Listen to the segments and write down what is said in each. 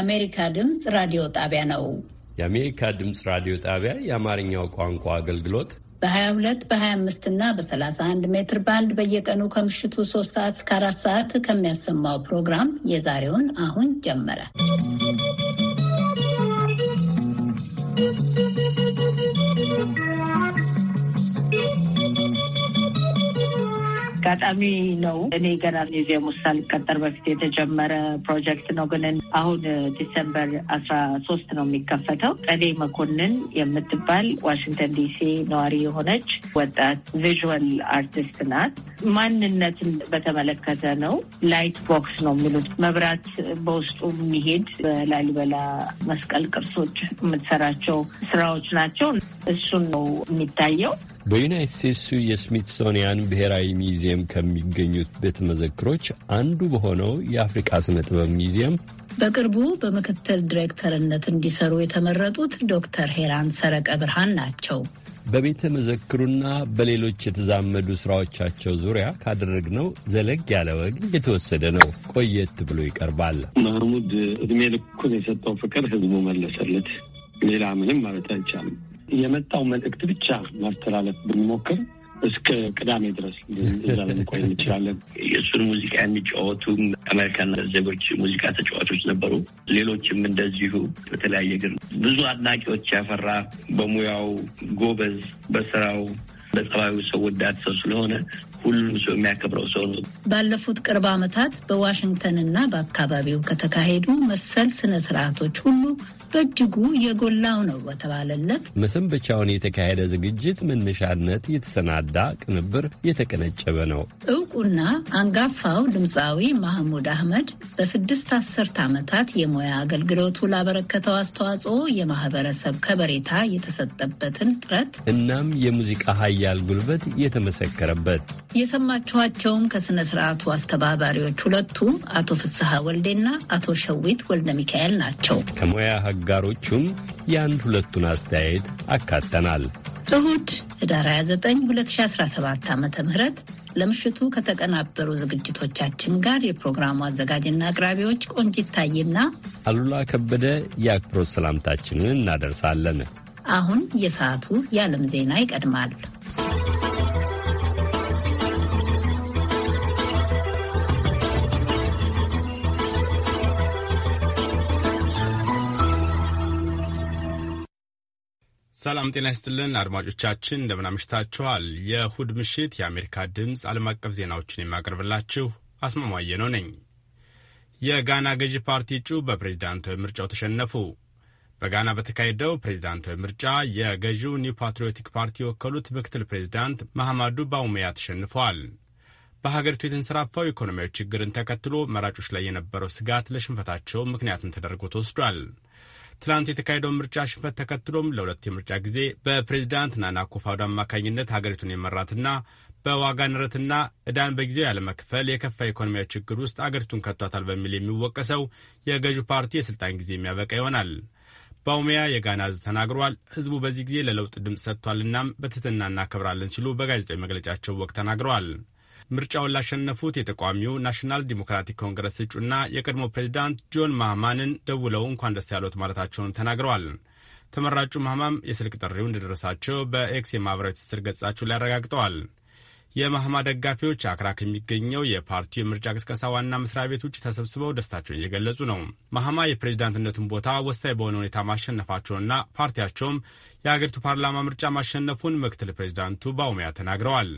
የአሜሪካ ድምፅ ራዲዮ ጣቢያ ነው። የአሜሪካ ድምፅ ራዲዮ ጣቢያ የአማርኛው ቋንቋ አገልግሎት በ22 በ25 እና በ31 ሜትር ባንድ በየቀኑ ከምሽቱ 3 ሰዓት እስከ 4 ሰዓት ከሚያሰማው ፕሮግራም የዛሬውን አሁን ጀመረ። ¶¶ አጋጣሚ ነው። እኔ ገና ሙዚየም ውስጥ ሳልቀጠር በፊት የተጀመረ ፕሮጀክት ነው። ግን አሁን ዲሰምበር አስራ ሶስት ነው የሚከፈተው። ጸደይ መኮንን የምትባል ዋሽንግተን ዲሲ ነዋሪ የሆነች ወጣት ቪዥዋል አርቲስት ናት። ማንነትን በተመለከተ ነው። ላይት ቦክስ ነው የሚሉት መብራት በውስጡ የሚሄድ በላሊበላ መስቀል ቅርሶች የምትሰራቸው ስራዎች ናቸው። እሱን ነው የሚታየው። በዩናይት ስቴትሱ የስሚትሶኒያን ብሔራዊ ሚዚየም ከሚገኙት ቤተ መዘክሮች አንዱ በሆነው የአፍሪቃ ስነ ጥበብ ሚዚየም በቅርቡ በምክትል ዲሬክተርነት እንዲሰሩ የተመረጡት ዶክተር ሄራን ሰረቀ ብርሃን ናቸው። በቤተ መዘክሩና በሌሎች የተዛመዱ ስራዎቻቸው ዙሪያ ካደረግነው ዘለግ ያለ ወግ የተወሰደ ነው። ቆየት ብሎ ይቀርባል። ማህሙድ እድሜ ልኩን የሰጠው ፍቅር ህዝቡ መለሰለት። ሌላ ምንም ማለት አይቻልም። የመጣው መልእክት ብቻ ማስተላለፍ ብንሞክር እስከ ቅዳሜ ድረስ ላለንቆይ እንችላለን። የእሱን ሙዚቃ የሚጫወቱ አሜሪካን ዜጎች ሙዚቃ ተጫዋቾች ነበሩ። ሌሎችም እንደዚሁ በተለያየ ግን ብዙ አድናቂዎች ያፈራ በሙያው ጎበዝ፣ በስራው በጸባዩ ሰው ወዳድ ሰው ስለሆነ ሁሉም ሰው የሚያከብረው ሰው ነው። ባለፉት ቅርብ ዓመታት በዋሽንግተንና በአካባቢው ከተካሄዱ መሰል ስነ ስርዓቶች ሁሉ በእጅጉ የጎላው ነው በተባለለት መሰንበቻውን የተካሄደ ዝግጅት መነሻነት የተሰናዳ ቅንብር የተቀነጨበ ነው። እውቁና አንጋፋው ድምፃዊ ማህሙድ አህመድ በስድስት አስርት ዓመታት የሙያ አገልግሎቱ ላበረከተው አስተዋጽኦ የማህበረሰብ ከበሬታ የተሰጠበትን ጥረት እናም የሙዚቃ ሀያል ጉልበት የተመሰከረበት የሰማችኋቸውም ከስነ ስርዓቱ አስተባባሪዎች ሁለቱም አቶ ፍስሐ ወልዴና አቶ ሸዊት ወልደ ሚካኤል ናቸው። ከሙያ አጋሮቹም የአንድ ሁለቱን አስተያየት አካተናል። እሁድ ህዳር 29 2017 ዓ ም ለምሽቱ ከተቀናበሩ ዝግጅቶቻችን ጋር የፕሮግራሙ አዘጋጅና አቅራቢዎች ቆንጂት ታዬና አሉላ ከበደ የአክብሮት ሰላምታችንን እናደርሳለን። አሁን የሰዓቱ የዓለም ዜና ይቀድማል። ሰላም ጤና ይስጥልን አድማጮቻችን፣ እንደምን አምሽታችኋል? የእሁድ ምሽት የአሜሪካ ድምፅ ዓለም አቀፍ ዜናዎችን የማቀርብላችሁ አስማማየ ነው ነኝ። የጋና ገዢ ፓርቲ እጩ በፕሬዝዳንታዊ ምርጫው ተሸነፉ። በጋና በተካሄደው ፕሬዝዳንታዊ ምርጫ የገዢው ኒው ፓትሪዮቲክ ፓርቲ የወከሉት ምክትል ፕሬዝዳንት መሐማዱ ባውሙያ ተሸንፈዋል። በሀገሪቱ የተንሰራፋው ኢኮኖሚያዊ ችግርን ተከትሎ መራጮች ላይ የነበረው ስጋት ለሽንፈታቸው ምክንያትም ተደርጎ ተወስዷል። ትናንት የተካሄደው ምርጫ ሽንፈት ተከትሎም ለሁለት የምርጫ ጊዜ በፕሬዚዳንት ናና ኮፋዶ አማካኝነት ሀገሪቱን የመራትና በዋጋ ንረትና ዕዳን በጊዜው ያለመክፈል የከፋ ኢኮኖሚያዊ ችግር ውስጥ አገሪቱን ከቷታል በሚል የሚወቀሰው የገዢው ፓርቲ የስልጣን ጊዜ የሚያበቃ ይሆናል። ባውሜያ የጋና ሕዝብ ተናግሯል። ሕዝቡ በዚህ ጊዜ ለለውጥ ድምፅ ሰጥቷል። እናም በትህትና እናከብራለን ሲሉ በጋዜጣዊ መግለጫቸው ወቅት ተናግረዋል። ምርጫውን ላሸነፉት የተቃዋሚው ናሽናል ዲሞክራቲክ ኮንግረስ እጩና የቀድሞ ፕሬዚዳንት ጆን ማህማንን ደውለው እንኳን ደስ ያሉት ማለታቸውን ተናግረዋል። ተመራጩ ማህማም የስልክ ጥሪው እንደደረሳቸው በኤክስ የማህበራዊ ትስስር ገጻቸው ላይ አረጋግጠዋል። የማህማ ደጋፊዎች አክራክ የሚገኘው የፓርቲው የምርጫ ቅስቀሳ ዋና መስሪያ ቤት ውጭ ተሰብስበው ደስታቸውን እየገለጹ ነው። ማህማ የፕሬዚዳንትነቱን ቦታ ወሳኝ በሆነ ሁኔታ ማሸነፋቸውንና ፓርቲያቸውም የአገሪቱ ፓርላማ ምርጫ ማሸነፉን ምክትል ፕሬዚዳንቱ ባውሚያ ተናግረዋል።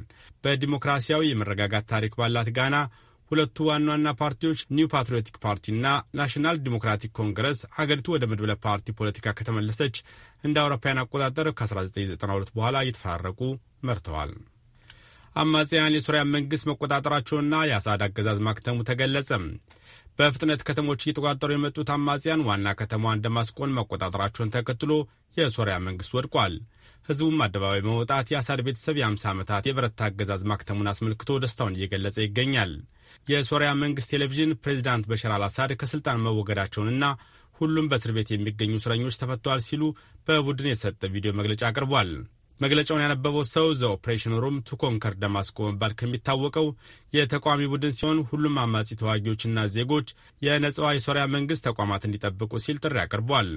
በዲሞክራሲያዊ የመረጋጋት ታሪክ ባላት ጋና ሁለቱ ዋና ዋና ፓርቲዎች ኒው ፓትሪዮቲክ ፓርቲና ናሽናል ዲሞክራቲክ ኮንግረስ አገሪቱ ወደ መድበለ ፓርቲ ፖለቲካ ከተመለሰች እንደ አውሮፓውያን አቆጣጠር ከ1992 በኋላ እየተፈራረቁ መርተዋል። አማጽያን የሱሪያን መንግሥት መቆጣጠራቸውና የአሳድ አገዛዝ ማክተሙ ተገለጸ። በፍጥነት ከተሞች እየተቆጣጠሩ የመጡት አማጽያን ዋና ከተማዋን ደማስቆን መቆጣጠራቸውን ተከትሎ የሶሪያ መንግሥት ወድቋል። ሕዝቡም አደባባይ በመውጣት የአሳድ ቤተሰብ የ50 ዓመታት የበረታ አገዛዝ ማክተሙን አስመልክቶ ደስታውን እየገለጸ ይገኛል። የሶሪያ መንግሥት ቴሌቪዥን ፕሬዚዳንት በሽር አልአሳድ ከሥልጣን መወገዳቸውንና ሁሉም በእስር ቤት የሚገኙ እስረኞች ተፈተዋል ሲሉ በቡድን የተሰጠ ቪዲዮ መግለጫ አቅርቧል። መግለጫውን ያነበበው ሰው ዘ ኦፕሬሽን ሩም ቱ ኮንከር ደማስቆ መባል ከሚታወቀው የተቃዋሚ ቡድን ሲሆን ሁሉም አማጺ ተዋጊዎችና ዜጎች የነጻዋ የሶሪያ መንግሥት ተቋማት እንዲጠብቁ ሲል ጥሪ አቅርቧል።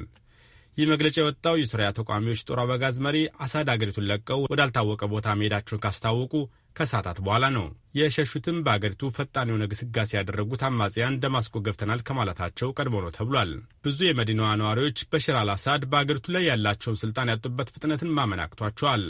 ይህ መግለጫ የወጣው የሶሪያ ተቃዋሚዎች ጦር አበጋዝ መሪ አሳድ አገሪቱን ለቀው ወዳልታወቀ ቦታ መሄዳቸውን ካስታወቁ ከሰዓታት በኋላ ነው። የሸሹትም በአገሪቱ ፈጣን የሆነ ግስጋሴ ያደረጉት አማጽያን ደማስቆ ገብተናል ከማለታቸው ቀድሞ ነው ተብሏል። ብዙ የመዲናዋ ነዋሪዎች በሽር አልአሳድ በአገሪቱ ላይ ያላቸውን ስልጣን ያጡበት ፍጥነትን ማመናክቷቸዋል።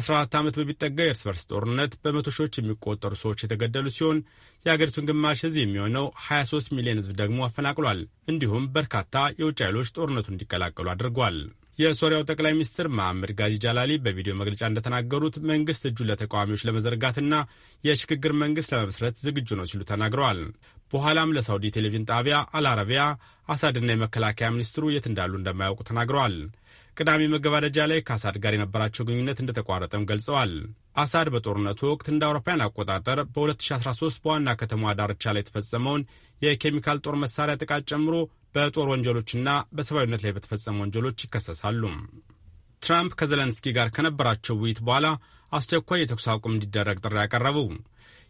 14 ዓመት በሚጠጋ የእርስ በርስ ጦርነት በመቶ ሺዎች የሚቆጠሩ ሰዎች የተገደሉ ሲሆን የአገሪቱን ግማሽ ሕዝብ የሚሆነው 23 ሚሊዮን ሕዝብ ደግሞ አፈናቅሏል። እንዲሁም በርካታ የውጭ ኃይሎች ጦርነቱን እንዲቀላቀሉ አድርጓል። የሶሪያው ጠቅላይ ሚኒስትር መሐመድ ጋዚ ጃላሊ በቪዲዮ መግለጫ እንደተናገሩት መንግስት እጁን ለተቃዋሚዎች ለመዘርጋትና የሽግግር መንግስት ለመመስረት ዝግጁ ነው ሲሉ ተናግረዋል። በኋላም ለሳውዲ ቴሌቪዥን ጣቢያ አልአረቢያ አሳድና የመከላከያ ሚኒስትሩ የት እንዳሉ እንደማያውቁ ተናግረዋል። ቅዳሜ መገባደጃ ላይ ከአሳድ ጋር የነበራቸው ግንኙነት እንደተቋረጠም ገልጸዋል። አሳድ በጦርነቱ ወቅት እንደ አውሮፓውያን አቆጣጠር በ2013 በዋና ከተማዋ ዳርቻ ላይ የተፈጸመውን የኬሚካል ጦር መሳሪያ ጥቃት ጨምሮ በጦር ወንጀሎችና በሰብአዊነት ላይ በተፈጸሙ ወንጀሎች ይከሰሳሉ። ትራምፕ ከዘለንስኪ ጋር ከነበራቸው ውይይት በኋላ አስቸኳይ የተኩስ አቁም እንዲደረግ ጥሪ ያቀረቡ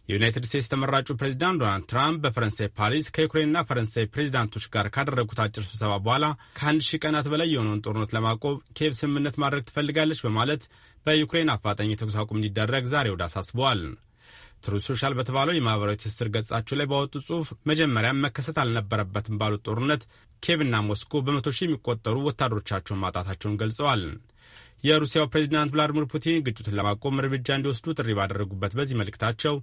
የዩናይትድ ስቴትስ ተመራጩ ፕሬዚዳንት ዶናልድ ትራምፕ በፈረንሳይ ፓሪስ ከዩክሬንና ፈረንሳይ ፕሬዚዳንቶች ጋር ካደረጉት አጭር ስብሰባ በኋላ ከአንድ ሺህ ቀናት በላይ የሆነውን ጦርነት ለማቆም ኬቭ ስምምነት ማድረግ ትፈልጋለች በማለት በዩክሬን አፋጣኝ የተኩስ አቁም እንዲደረግ ዛሬ ወደ አሳስበዋል። ትሩ ሶሻል በተባለው የማህበራዊ ትስስር ገጻቸው ላይ በወጡ ጽሑፍ መጀመሪያም መከሰት አልነበረበትም ባሉት ጦርነት ኬቭና ሞስኮ በመቶ ሺህ የሚቆጠሩ ወታደሮቻቸውን ማጣታቸውን ገልጸዋል። የሩሲያው ፕሬዚዳንት ቭላዲሚር ፑቲን ግጭቱን ለማቆም እርምጃ እንዲወስዱ ጥሪ ባደረጉበት በዚህ መልእክታቸው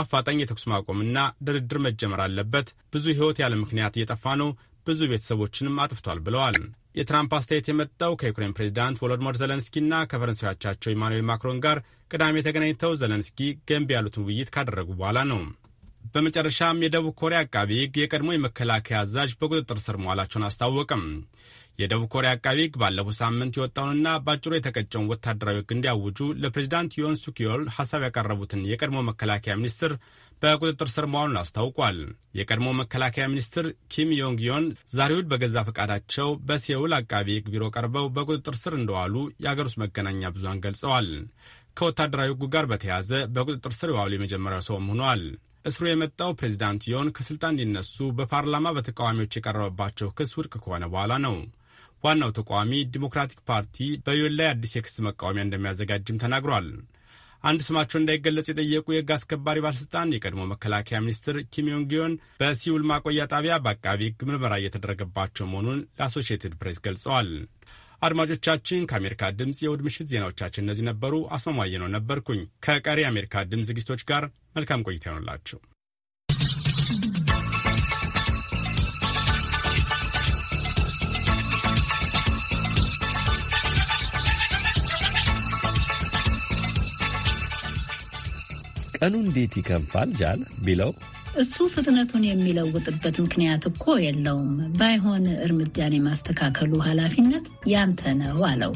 አፋጣኝ የተኩስ ማቆምና ድርድር መጀመር አለበት፣ ብዙ ህይወት ያለ ምክንያት እየጠፋ ነው፣ ብዙ ቤተሰቦችንም አጥፍቷል ብለዋል። የትራምፕ አስተያየት የመጣው ከዩክሬን ፕሬዚዳንት ቮሎዲሞር ዘለንስኪና ከፈረንሳዮቻቸው ኢማኑኤል ማክሮን ጋር ቅዳሜ ተገናኝተው ዘለንስኪ ገንቢ ያሉትን ውይይት ካደረጉ በኋላ ነው። በመጨረሻም የደቡብ ኮሪያ አቃቢ ሕግ የቀድሞ የመከላከያ አዛዥ በቁጥጥር ስር መዋላቸውን አስታወቅም። የደቡብ ኮሪያ አቃቢ ሕግ ባለፈው ሳምንት የወጣውንና በአጭሩ የተቀጨውን ወታደራዊ ሕግ እንዲያውጁ ለፕሬዚዳንት ዮን ሱኪዮል ሐሳብ ያቀረቡትን የቀድሞ መከላከያ ሚኒስትር በቁጥጥር ስር መዋሉን አስታውቋል። የቀድሞ መከላከያ ሚኒስትር ኪም ዮንግ ዮን ዛሬ በገዛ ፈቃዳቸው በሴውል አቃቢ ሕግ ቢሮ ቀርበው በቁጥጥር ስር እንደዋሉ የአገር ውስጥ መገናኛ ብዙሃን ገልጸዋል። ከወታደራዊ ሕጉ ጋር በተያያዘ በቁጥጥር ስር የዋሉ የመጀመሪያው ሰውም ሆኗል። እስሩ የመጣው ፕሬዚዳንት ዮን ከስልጣን እንዲነሱ በፓርላማ በተቃዋሚዎች የቀረበባቸው ክስ ውድቅ ከሆነ በኋላ ነው። ዋናው ተቃዋሚ ዲሞክራቲክ ፓርቲ በዮን ላይ አዲስ የክስ መቃወሚያ እንደሚያዘጋጅም ተናግሯል። አንድ ስማቸው እንዳይገለጽ የጠየቁ የህግ አስከባሪ ባለሥልጣን የቀድሞ መከላከያ ሚኒስትር ኪም ዮንግ ዮን በሲውል ማቆያ ጣቢያ በአቃቢ ህግ ምርመራ እየተደረገባቸው መሆኑን ለአሶሺየትድ ፕሬስ ገልጸዋል። አድማጮቻችን፣ ከአሜሪካ ድምፅ የእሁድ ምሽት ዜናዎቻችን እነዚህ ነበሩ። አስማማየ ነው ነበርኩኝ። ከቀሪ የአሜሪካ ድምፅ ዝግጅቶች ጋር መልካም ቆይታ ይሆንላችሁ። ቀኑ እንዴት ይከንፋል ጃል ቢለው እሱ ፍጥነቱን የሚለውጥበት ምክንያት እኮ የለውም። ባይሆን እርምጃን የማስተካከሉ ኃላፊነት ያንተ ነው አለው።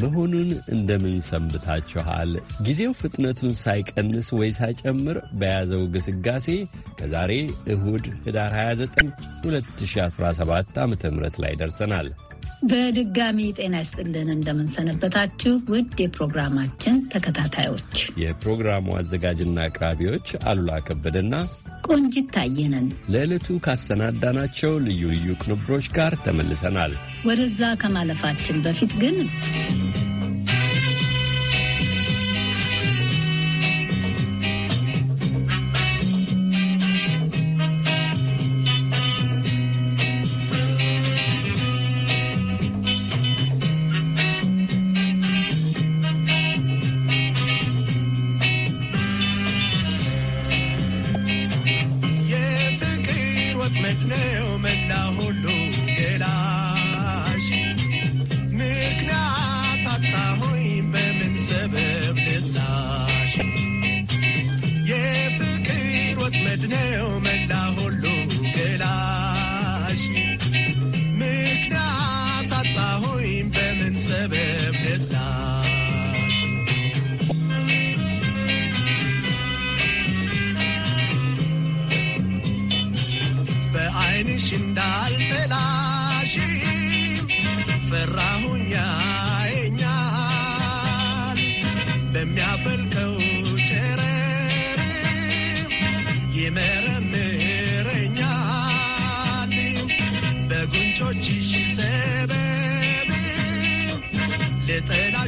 መሆኑን እንደምን ሰንብታችኋል? ጊዜው ፍጥነቱን ሳይቀንስ ወይ ሳይጨምር በያዘው ግስጋሴ ከዛሬ እሁድ ህዳር 29 2017 ዓ ም ላይ ደርሰናል። በድጋሚ ጤና ይስጥልን። እንደምንሰነበታችሁ ውድ የፕሮግራማችን ተከታታዮች፣ የፕሮግራሙ አዘጋጅና አቅራቢዎች አሉላ ከበደና ቆንጂት ታየነን ለዕለቱ ካሰናዳናቸው ልዩ ልዩ ቅንብሮች ጋር ተመልሰናል። ወደዛ ከማለፋችን በፊት ግን mit Neum in der Hund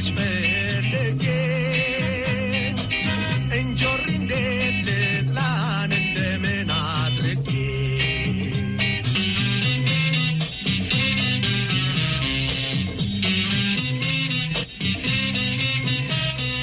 እንጆሪ እንዴት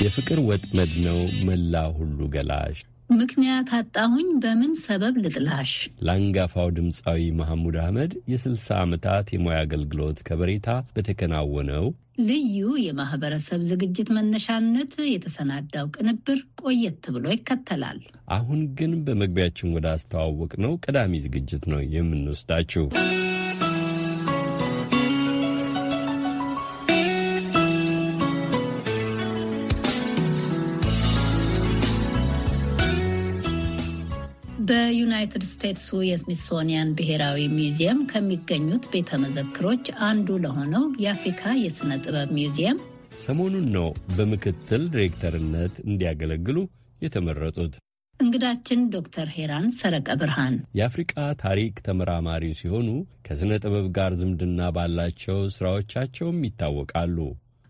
የፍቅር ወጥመድ ነው መላ ሁሉ ገላሽ ምክንያት አጣሁኝ፣ በምን ሰበብ ልጥላሽ? ለአንጋፋው ድምፃዊ መሐሙድ አህመድ የ60 ዓመታት የሙያ አገልግሎት ከበሬታ በተከናወነው ልዩ የማህበረሰብ ዝግጅት መነሻነት የተሰናዳው ቅንብር ቆየት ብሎ ይከተላል። አሁን ግን በመግቢያችን ወደ አስተዋወቅ ነው ቀዳሚ ዝግጅት ነው የምንወስዳችሁ። የዩናይትድ ስቴትሱ የስሚትሶኒያን ብሔራዊ ሚውዚየም ከሚገኙት ቤተ መዘክሮች አንዱ ለሆነው የአፍሪካ የሥነ ጥበብ ሚውዚየም ሰሞኑን ነው በምክትል ዲሬክተርነት እንዲያገለግሉ የተመረጡት። እንግዳችን ዶክተር ሄራን ሰረቀ ብርሃን የአፍሪቃ ታሪክ ተመራማሪ ሲሆኑ ከሥነ ጥበብ ጋር ዝምድና ባላቸው ሥራዎቻቸውም ይታወቃሉ።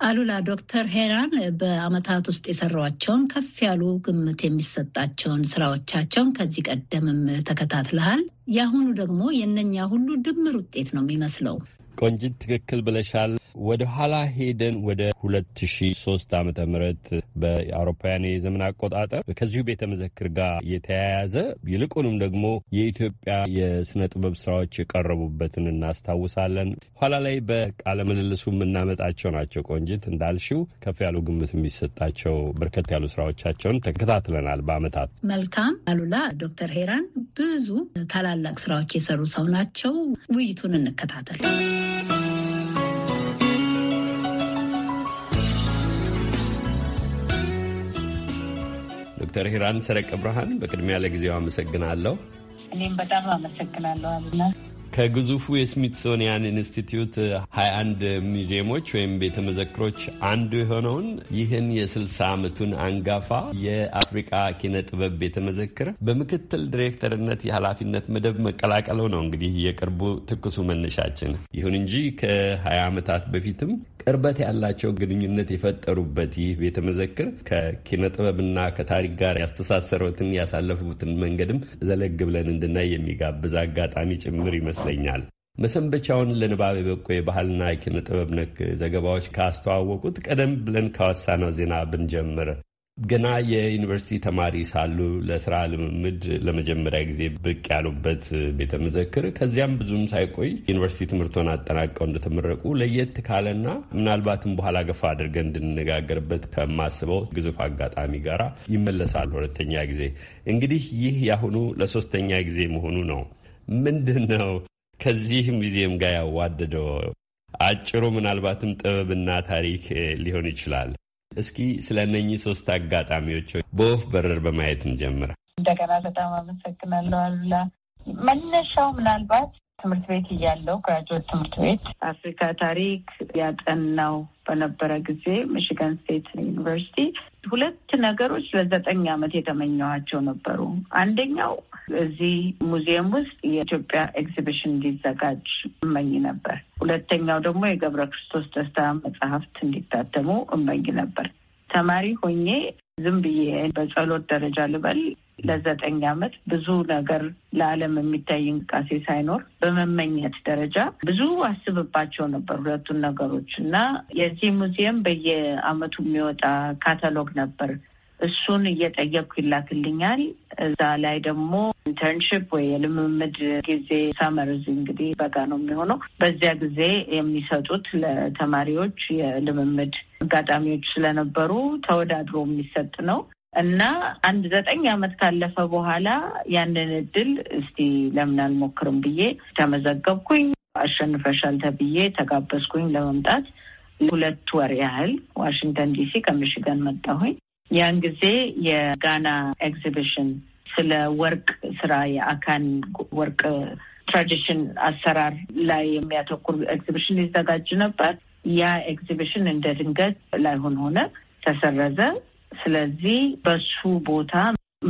አሉላ ዶክተር ሄራን በአመታት ውስጥ የሰሯቸውን ከፍ ያሉ ግምት የሚሰጣቸውን ስራዎቻቸውን ከዚህ ቀደምም ተከታትለሃል። የአሁኑ ደግሞ የእነኛ ሁሉ ድምር ውጤት ነው የሚመስለው። ቆንጅት ትክክል ብለሻል። ወደ ኋላ ሄደን ወደ 2003 ዓ ም በአውሮፓውያን የዘመን አቆጣጠር ከዚሁ ቤተ መዘክር ጋር የተያያዘ ይልቁንም ደግሞ የኢትዮጵያ የስነ ጥበብ ስራዎች የቀረቡበትን እናስታውሳለን። ኋላ ላይ በቃለ ምልልሱ የምናመጣቸው ናቸው። ቆንጅት እንዳልሽው ከፍ ያሉ ግምት የሚሰጣቸው በርከት ያሉ ስራዎቻቸውን ተከታትለናል በአመታት። መልካም አሉላ። ዶክተር ሄራን ብዙ ታላላቅ ስራዎች የሰሩ ሰው ናቸው። ውይይቱን እንከታተል። ዶክተር ሂራን ሰረቀ ብርሃን በቅድሚያ ለጊዜው አመሰግናለሁ። እኔም በጣም አመሰግናለሁ አሉላ። ከግዙፉ የስሚትሶኒያን ኢንስቲትዩት 21 ሙዚየሞች ወይም ቤተ መዘክሮች አንዱ የሆነውን ይህን የ60 ዓመቱን አንጋፋ የአፍሪቃ ኪነ ጥበብ ቤተ መዘክር በምክትል ዲሬክተርነት የኃላፊነት መደብ መቀላቀለው ነው እንግዲህ የቅርቡ ትኩሱ መነሻችን። ይሁን እንጂ ከ20 ዓመታት በፊትም ቅርበት ያላቸው ግንኙነት የፈጠሩበት ይህ ቤተ መዘክር ከኪነ ጥበብና ከታሪክ ጋር ያስተሳሰሩትን ያሳለፉትን መንገድም ዘለግ ብለን እንድናይ የሚጋብዝ አጋጣሚ ጭምር ይመስላል። ይመስለኛል። መሰንበቻውን ለንባብ የበቆ የባህልና የኪነ ጥበብ ነክ ዘገባዎች ካስተዋወቁት ቀደም ብለን ካወሳነው ዜና ብንጀምር ገና የዩኒቨርሲቲ ተማሪ ሳሉ ለስራ ልምምድ ለመጀመሪያ ጊዜ ብቅ ያሉበት ቤተ መዘክር ከዚያም ብዙም ሳይቆይ ዩኒቨርሲቲ ትምህርቶን አጠናቀው እንደተመረቁ ለየት ካለና ምናልባትም በኋላ ገፋ አድርገን እንድንነጋገርበት ከማስበው ግዙፍ አጋጣሚ ጋር ይመለሳሉ። ሁለተኛ ጊዜ እንግዲህ ይህ ያሁኑ ለሶስተኛ ጊዜ መሆኑ ነው። ምንድን ነው ከዚህ ሙዚየም ጋር ያዋደደው? አጭሩ ምናልባትም ጥበብና ታሪክ ሊሆን ይችላል። እስኪ ስለ እነኚህ ሶስት አጋጣሚዎች በወፍ በረር በማየት እንጀምር። እንደገና በጣም አመሰግናለሁ አሉላ። መነሻው ምናልባት ትምህርት ቤት እያለው ግራጁዌት ትምህርት ቤት አፍሪካ ታሪክ ያጠናው በነበረ ጊዜ ሚሽገን ስቴት ዩኒቨርሲቲ ሁለት ነገሮች ለዘጠኝ ዓመት የተመኘኋቸው ነበሩ። አንደኛው እዚህ ሙዚየም ውስጥ የኢትዮጵያ ኤግዚቢሽን እንዲዘጋጅ እመኝ ነበር። ሁለተኛው ደግሞ የገብረ ክርስቶስ ደስታ መጽሐፍት እንዲታተሙ እመኝ ነበር። ተማሪ ሆኜ ዝም ብዬ በጸሎት ደረጃ ልበል ለዘጠኝ ዓመት ብዙ ነገር ለዓለም የሚታይ እንቅስቃሴ ሳይኖር በመመኘት ደረጃ ብዙ አስብባቸው ነበር ሁለቱን ነገሮች እና የዚህ ሙዚየም በየዓመቱ የሚወጣ ካታሎግ ነበር። እሱን እየጠየቅኩ ይላክልኛል። እዛ ላይ ደግሞ ኢንተርንሽፕ ወይ የልምምድ ጊዜ ሳመርዝ እንግዲህ በጋ ነው የሚሆነው። በዚያ ጊዜ የሚሰጡት ለተማሪዎች የልምምድ አጋጣሚዎች ስለነበሩ ተወዳድሮ የሚሰጥ ነው። እና አንድ ዘጠኝ ዓመት ካለፈ በኋላ ያንን እድል እስቲ ለምን አልሞክርም ብዬ ተመዘገብኩኝ። አሸንፈሻል ተብዬ ተጋበዝኩኝ ለመምጣት ሁለት ወር ያህል ዋሽንግተን ዲሲ ከምሽገን መጣሁኝ። ያን ጊዜ የጋና ኤግዚቢሽን ስለ ወርቅ ስራ የአካን ወርቅ ትራዲሽን አሰራር ላይ የሚያተኩር ኤግዚቢሽን ሊዘጋጅ ነበር። ያ ኤግዚቢሽን እንደ ድንገት ላይሆን ሆነ፣ ተሰረዘ። ስለዚህ በሱ ቦታ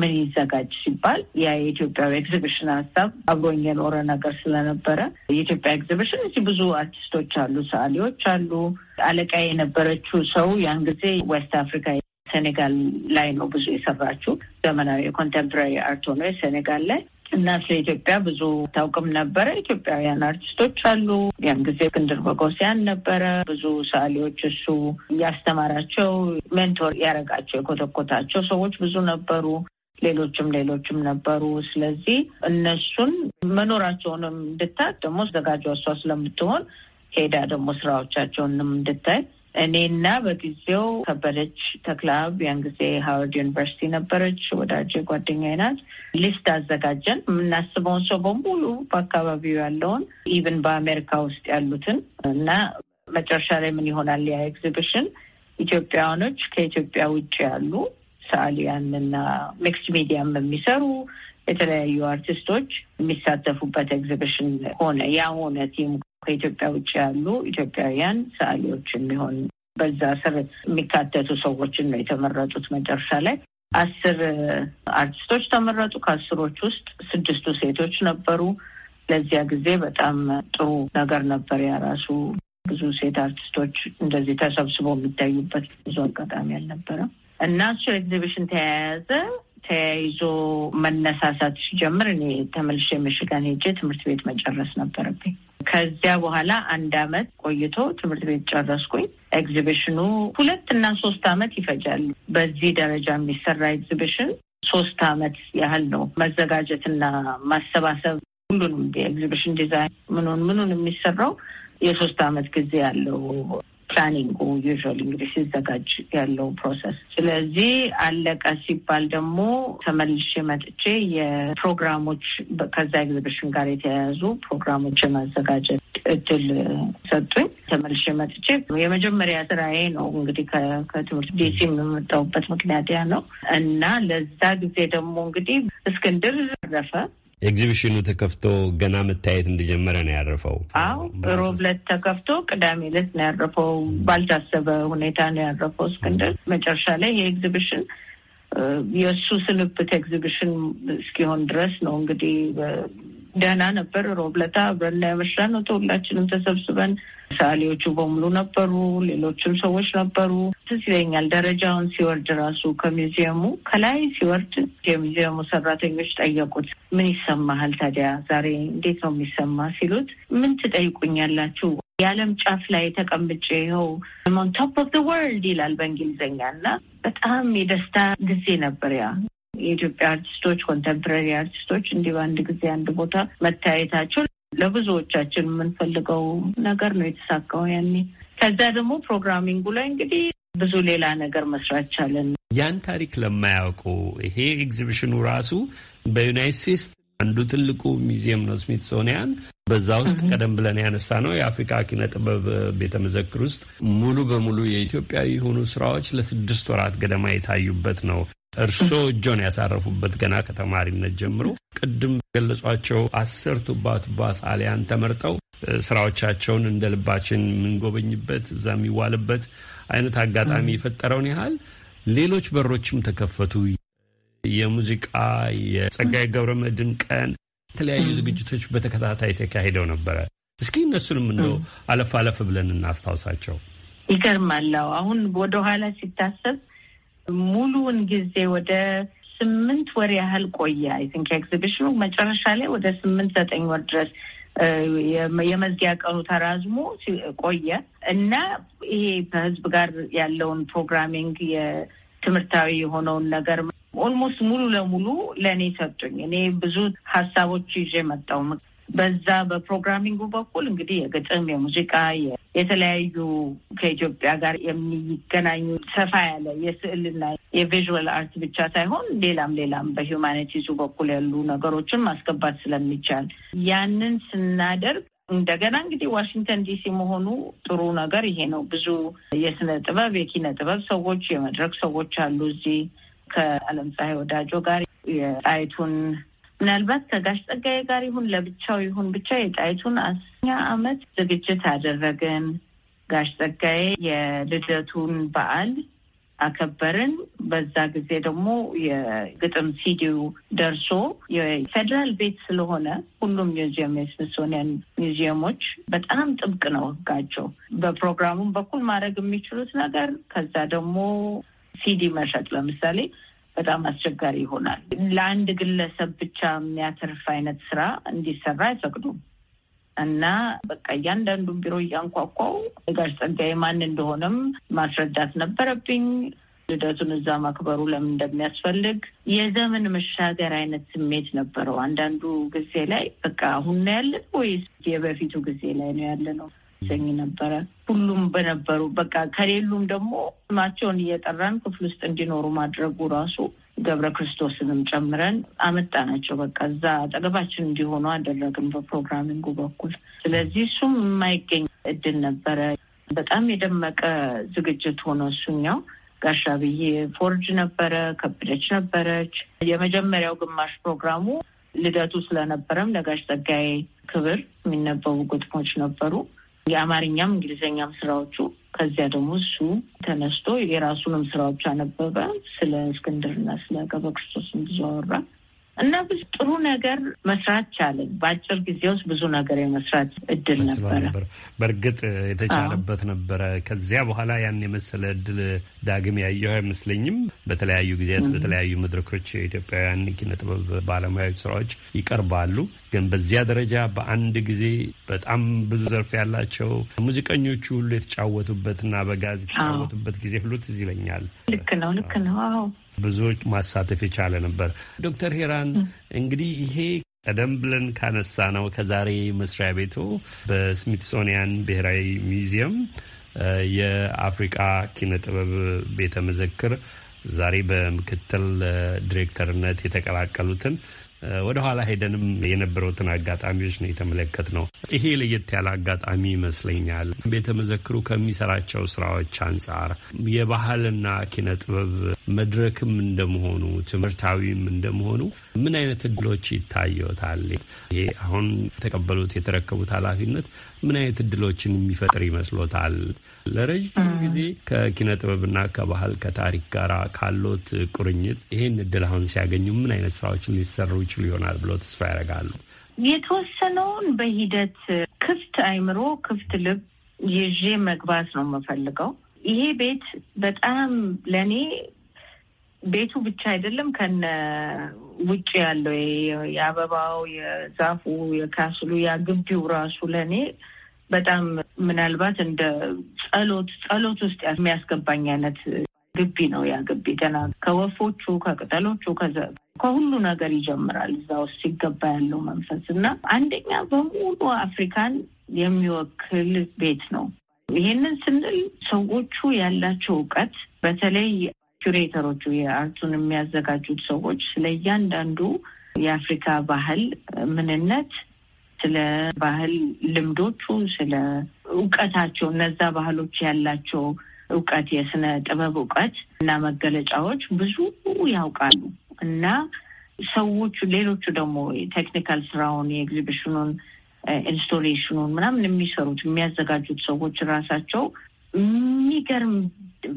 ምን ይዘጋጅ ሲባል ያ የኢትዮጵያዊ ኤግዚቢሽን ሀሳብ አብሮኝ የኖረ ነገር ስለነበረ የኢትዮጵያ ኤግዚቢሽን እዚህ ብዙ አርቲስቶች አሉ፣ ሰዓሊዎች አሉ። አለቃ የነበረችው ሰው ያን ጊዜ ዌስት አፍሪካ ሴኔጋል ላይ ነው ብዙ የሰራችው። ዘመናዊ የኮንቴምፕራሪ አርት ሆኖ ሴኔጋል ላይ እና ስለ ኢትዮጵያ ብዙ ታውቅም ነበረ። ኢትዮጵያውያን አርቲስቶች አሉ። ያን ጊዜ እስክንድር ቦጎሲያን ነበረ። ብዙ ሰዓሊዎች እሱ እያስተማራቸው ሜንቶር ያረጋቸው የኮተኮታቸው ሰዎች ብዙ ነበሩ። ሌሎችም ሌሎችም ነበሩ። ስለዚህ እነሱን መኖራቸውንም እንድታይ ደግሞ አዘጋጇ እሷ ስለምትሆን ሄዳ ደግሞ ስራዎቻቸውንም እንድታይ እኔና በጊዜው ከበደች ተክለአብ ያን ጊዜ ሀዋርድ ዩኒቨርሲቲ ነበረች፣ ወዳጅ ጓደኛ ናት። ሊስት አዘጋጀን የምናስበውን ሰው በሙሉ በአካባቢው ያለውን ኢቭን በአሜሪካ ውስጥ ያሉትን እና መጨረሻ ላይ ምን ይሆናል ያ ኤግዚቢሽን ኢትዮጵያውያኖች ከኢትዮጵያ ውጭ ያሉ እና ሚክስድ ሚዲያም የሚሰሩ የተለያዩ አርቲስቶች የሚሳተፉበት ኤግዚቢሽን ሆነ። ያ ሆነ ቲም ከኢትዮጵያ ውጭ ያሉ ኢትዮጵያውያን ሰዓሊዎች የሚሆን በዛ ስር የሚካተቱ ሰዎችን ነው የተመረጡት። መጨረሻ ላይ አስር አርቲስቶች ተመረጡ። ከአስሮች ውስጥ ስድስቱ ሴቶች ነበሩ። ለዚያ ጊዜ በጣም ጥሩ ነገር ነበር። ያራሱ ብዙ ሴት አርቲስቶች እንደዚህ ተሰብስበው የሚታዩበት ብዙ አጋጣሚ አልነበረም እና እሱ ኤግዚቢሽን ተያያዘ። ተያይዞ መነሳሳት ሲጀምር እኔ ተመልሼ ሚሽጋን ሄጄ ትምህርት ቤት መጨረስ ነበረብኝ። ከዚያ በኋላ አንድ አመት ቆይቶ ትምህርት ቤት ጨረስኩኝ። ኤግዚቢሽኑ ሁለት እና ሶስት አመት ይፈጃል። በዚህ ደረጃ የሚሰራ ኤግዚቢሽን ሶስት አመት ያህል ነው መዘጋጀትና ማሰባሰብ። ሁሉንም የኤግዚቢሽን ዲዛይን ምኑን ምኑን የሚሰራው የሶስት አመት ጊዜ ያለው ፕላኒንጉ ዩዥዋሊ እንግዲህ ሲዘጋጅ ያለው ፕሮሰስ። ስለዚህ አለቀ ሲባል ደግሞ ተመልሼ መጥቼ የፕሮግራሞች ከዛ ኤግዚቢሽን ጋር የተያያዙ ፕሮግራሞች የማዘጋጀት እድል ሰጡኝ። ተመልሼ መጥቼ የመጀመሪያ ስራዬ ነው እንግዲህ ከትምህርት ዲሲ የምመጣውበት ምክንያት ያ ነው እና ለዛ ጊዜ ደግሞ እንግዲህ እስክንድር ረፈ ኤግዚቢሽኑ ተከፍቶ ገና መታየት እንደጀመረ ነው ያረፈው። አዎ ሮብ ዕለት ተከፍቶ ቅዳሜ ዕለት ነው ያረፈው። ባልታሰበ ሁኔታ ነው ያረፈው። እስክንድር መጨረሻ ላይ የኤግዚቢሽን የእሱ ስንብት ኤግዚቢሽን እስኪሆን ድረስ ነው እንግዲህ ደህና ነበር። ሮብ ዕለት አብረን ያመሻ ነው ሁላችንም ተሰብስበን ሰዓሊዎቹ በሙሉ ነበሩ፣ ሌሎችም ሰዎች ነበሩ። ትዝ ይለኛል ደረጃውን ሲወርድ ራሱ ከሚዚየሙ ከላይ ሲወርድ የሚዚየሙ ሰራተኞች ጠየቁት፣ ምን ይሰማሃል ታዲያ ዛሬ እንዴት ነው የሚሰማ ሲሉት፣ ምን ትጠይቁኛላችሁ የዓለም ጫፍ ላይ ተቀምጬ ይኸው ኦን ቶፕ ኦፍ ወርልድ ይላል በእንግሊዝኛ እና በጣም የደስታ ጊዜ ነበር ያ። የኢትዮጵያ አርቲስቶች ኮንተምፕራሪ አርቲስቶች እንዲህ በአንድ ጊዜ አንድ ቦታ መታየታቸው ለብዙዎቻችን የምንፈልገው ነገር ነው የተሳካው ያኔ። ከዛ ደግሞ ፕሮግራሚንጉ ላይ እንግዲህ ብዙ ሌላ ነገር መስራት ቻለን። ያን ታሪክ ለማያውቁ ይሄ ኤግዚቢሽኑ ራሱ በዩናይት ስቴትስ አንዱ ትልቁ ሚዚየም ነው ስሚትሶኒያን። በዛ ውስጥ ቀደም ብለን ያነሳ ነው የአፍሪካ ኪነ ጥበብ ቤተ መዘክር ውስጥ ሙሉ በሙሉ የኢትዮጵያ የሆኑ ስራዎች ለስድስት ወራት ገደማ የታዩበት ነው። እርሶ እጆን ያሳረፉበት ገና ከተማሪነት ጀምሮ ቅድም ገለጿቸው አስር ቱባ ቱባ ሳሊያን ተመርጠው ስራዎቻቸውን እንደ ልባችን የምንጎበኝበት እዛ የሚዋልበት አይነት አጋጣሚ የፈጠረውን ያህል ሌሎች በሮችም ተከፈቱ። የሙዚቃ የጸጋዬ ገብረ መድኅን ቀን የተለያዩ ዝግጅቶች በተከታታይ ተካሂደው ነበረ። እስኪ እነሱንም እንደው አለፍ አለፍ ብለን እናስታውሳቸው። ይገርማለው አሁን ወደኋላ ሲታሰብ ሙሉውን ጊዜ ወደ ስምንት ወር ያህል ቆየ። አይ ቲንክ ኤግዚቢሽኑ መጨረሻ ላይ ወደ ስምንት ዘጠኝ ወር ድረስ የመዝጊያ ቀኑ ተራዝሞ ቆየ እና ይሄ በህዝብ ጋር ያለውን ፕሮግራሚንግ የትምህርታዊ የሆነውን ነገር ኦልሞስት ሙሉ ለሙሉ ለእኔ ሰጡኝ። እኔ ብዙ ሀሳቦች ይዤ መጣሁ። በዛ በፕሮግራሚንጉ በኩል እንግዲህ የግጥም፣ የሙዚቃ፣ የተለያዩ ከኢትዮጵያ ጋር የሚገናኙ ሰፋ ያለ የስዕልና የቪዥዋል አርት ብቻ ሳይሆን ሌላም ሌላም በሂውማኒቲዙ በኩል ያሉ ነገሮችን ማስገባት ስለሚቻል ያንን ስናደርግ እንደገና እንግዲህ ዋሽንግተን ዲሲ መሆኑ ጥሩ ነገር ይሄ ነው። ብዙ የስነ ጥበብ የኪነ ጥበብ ሰዎች የመድረክ ሰዎች አሉ እዚህ ከዓለም ፀሐይ ወዳጆ ጋር የጣይቱን ምናልባት ከጋሽ ጸጋዬ ጋር ይሁን ለብቻው ይሁን ብቻ የጣይቱን አስኛ አመት ዝግጅት አደረግን። ጋሽ ጸጋዬ የልደቱን በዓል አከበርን። በዛ ጊዜ ደግሞ የግጥም ሲዲው ደርሶ የፌዴራል ቤት ስለሆነ ሁሉም ሚዚየም የስሚሶኒያን ሚዚየሞች በጣም ጥብቅ ነው ህጋቸው። በፕሮግራሙም በኩል ማድረግ የሚችሉት ነገር ከዛ ደግሞ ሲዲ መሸጥ ለምሳሌ በጣም አስቸጋሪ ይሆናል። ለአንድ ግለሰብ ብቻ የሚያተርፍ አይነት ስራ እንዲሰራ አይፈቅዱም እና በቃ እያንዳንዱን ቢሮ እያንኳኳው ጋሽ ጸጋዬ ማን እንደሆነም ማስረዳት ነበረብኝ። ልደቱን እዛ ማክበሩ ለምን እንደሚያስፈልግ የዘመን መሻገር አይነት ስሜት ነበረው። አንዳንዱ ጊዜ ላይ በቃ አሁን ነው ያለን ወይስ የበፊቱ ጊዜ ላይ ነው ያለ ነው? ይሰኝ ነበረ። ሁሉም በነበሩ በቃ ከሌሉም ደግሞ ስማቸውን እየጠራን ክፍል ውስጥ እንዲኖሩ ማድረጉ ራሱ ገብረ ክርስቶስንም ጨምረን ናቸው በቃ እዛ አጠገባችን እንዲሆኑ አደረግን በፕሮግራሚንጉ በኩል። ስለዚህ እሱም የማይገኝ እድል ነበረ። በጣም የደመቀ ዝግጅት ሆነ እሱኛው። ጋሻ ብዬ ፎርጅ ነበረ፣ ከበደች ነበረች። የመጀመሪያው ግማሽ ፕሮግራሙ ልደቱ ስለነበረም ለጋሽ ጸጋዬ ክብር የሚነበቡ ግጥሞች ነበሩ። የአማርኛም እንግሊዝኛም ስራዎቹ ከዚያ ደግሞ እሱ ተነስቶ የራሱንም ስራዎች አነበበ። ስለ እስክንድርና ስለ ገብረ ክርስቶስም ብዙ አወራ። እና ብዙ ጥሩ ነገር መስራት ቻለን። በአጭር ጊዜ ውስጥ ብዙ ነገር የመስራት እድል ነበረ። በእርግጥ የተቻለበት ነበረ። ከዚያ በኋላ ያን የመሰለ እድል ዳግም ያየሁ አይመስለኝም። በተለያዩ ጊዜያት በተለያዩ መድረኮች የኢትዮጵያውያን ኪነ ጥበብ ባለሙያዎች ስራዎች ይቀርባሉ። ግን በዚያ ደረጃ በአንድ ጊዜ በጣም ብዙ ዘርፍ ያላቸው ሙዚቀኞቹ ሁሉ የተጫወቱበትና በጋዝ የተጫወቱበት ጊዜ ሁሉ ትዝ ይለኛል። ልክ ነው፣ ልክ ነው። አዎ ብዙዎች ማሳተፍ የቻለ ነበር። ዶክተር ሄራን እንግዲህ ይሄ ቀደም ብለን ካነሳ ነው ከዛሬ መስሪያ ቤቱ በስሚትሶኒያን ብሔራዊ ሚዚየም የአፍሪቃ ኪነ ጥበብ ቤተ መዘክር ዛሬ በምክትል ዲሬክተርነት የተቀላቀሉትን ወደ ኋላ ሄደንም የነበሩትን አጋጣሚዎች ነው የተመለከት ነው። ይሄ ለየት ያለ አጋጣሚ ይመስለኛል። ቤተ መዘክሩ ከሚሰራቸው ስራዎች አንጻር የባህልና ኪነ ጥበብ መድረክም እንደመሆኑ ትምህርታዊም እንደመሆኑ ምን አይነት እድሎች ይታየታል? ይሄ አሁን የተቀበሉት የተረከቡት ኃላፊነት ምን አይነት እድሎችን የሚፈጥር ይመስሎታል? ለረዥም ጊዜ ከኪነ ጥበብና ከባህል ከታሪክ ጋር ካሎት ቁርኝት ይህን እድል አሁን ሲያገኙ ምን አይነት ስራዎችን ሊሰሩ ይችሉ ይሆናል ብሎ ተስፋ ያደርጋሉ? የተወሰነውን በሂደት ክፍት አይምሮ፣ ክፍት ልብ ይዤ መግባት ነው የምፈልገው። ይሄ ቤት በጣም ለእኔ ቤቱ ብቻ አይደለም ከነ ውጭ ያለው የአበባው፣ የዛፉ፣ የካስሉ የግቢው ራሱ ለእኔ በጣም ምናልባት እንደ ጸሎት ጸሎት ውስጥ የሚያስገባኝ አይነት ግቢ ነው። ያ ግቢ ገና ከወፎቹ፣ ከቅጠሎቹ፣ ከሁሉ ነገር ይጀምራል እዛ ውስጥ ሲገባ ያለው መንፈስ እና አንደኛ በሙሉ አፍሪካን የሚወክል ቤት ነው። ይሄንን ስንል ሰዎቹ ያላቸው እውቀት በተለይ ኪሬተሮቹ የአርቱን የሚያዘጋጁት ሰዎች ስለ እያንዳንዱ የአፍሪካ ባህል ምንነት፣ ስለ ባህል ልምዶቹ፣ ስለ እውቀታቸው እነዛ ባህሎች ያላቸው እውቀት የስነ ጥበብ እውቀት እና መገለጫዎች ብዙ ያውቃሉ እና ሰዎቹ ሌሎቹ ደግሞ የቴክኒካል ስራውን የኤግዚቢሽኑን ኢንስቶሌሽኑን ምናምን የሚሰሩት የሚያዘጋጁት ሰዎች ራሳቸው የሚገርም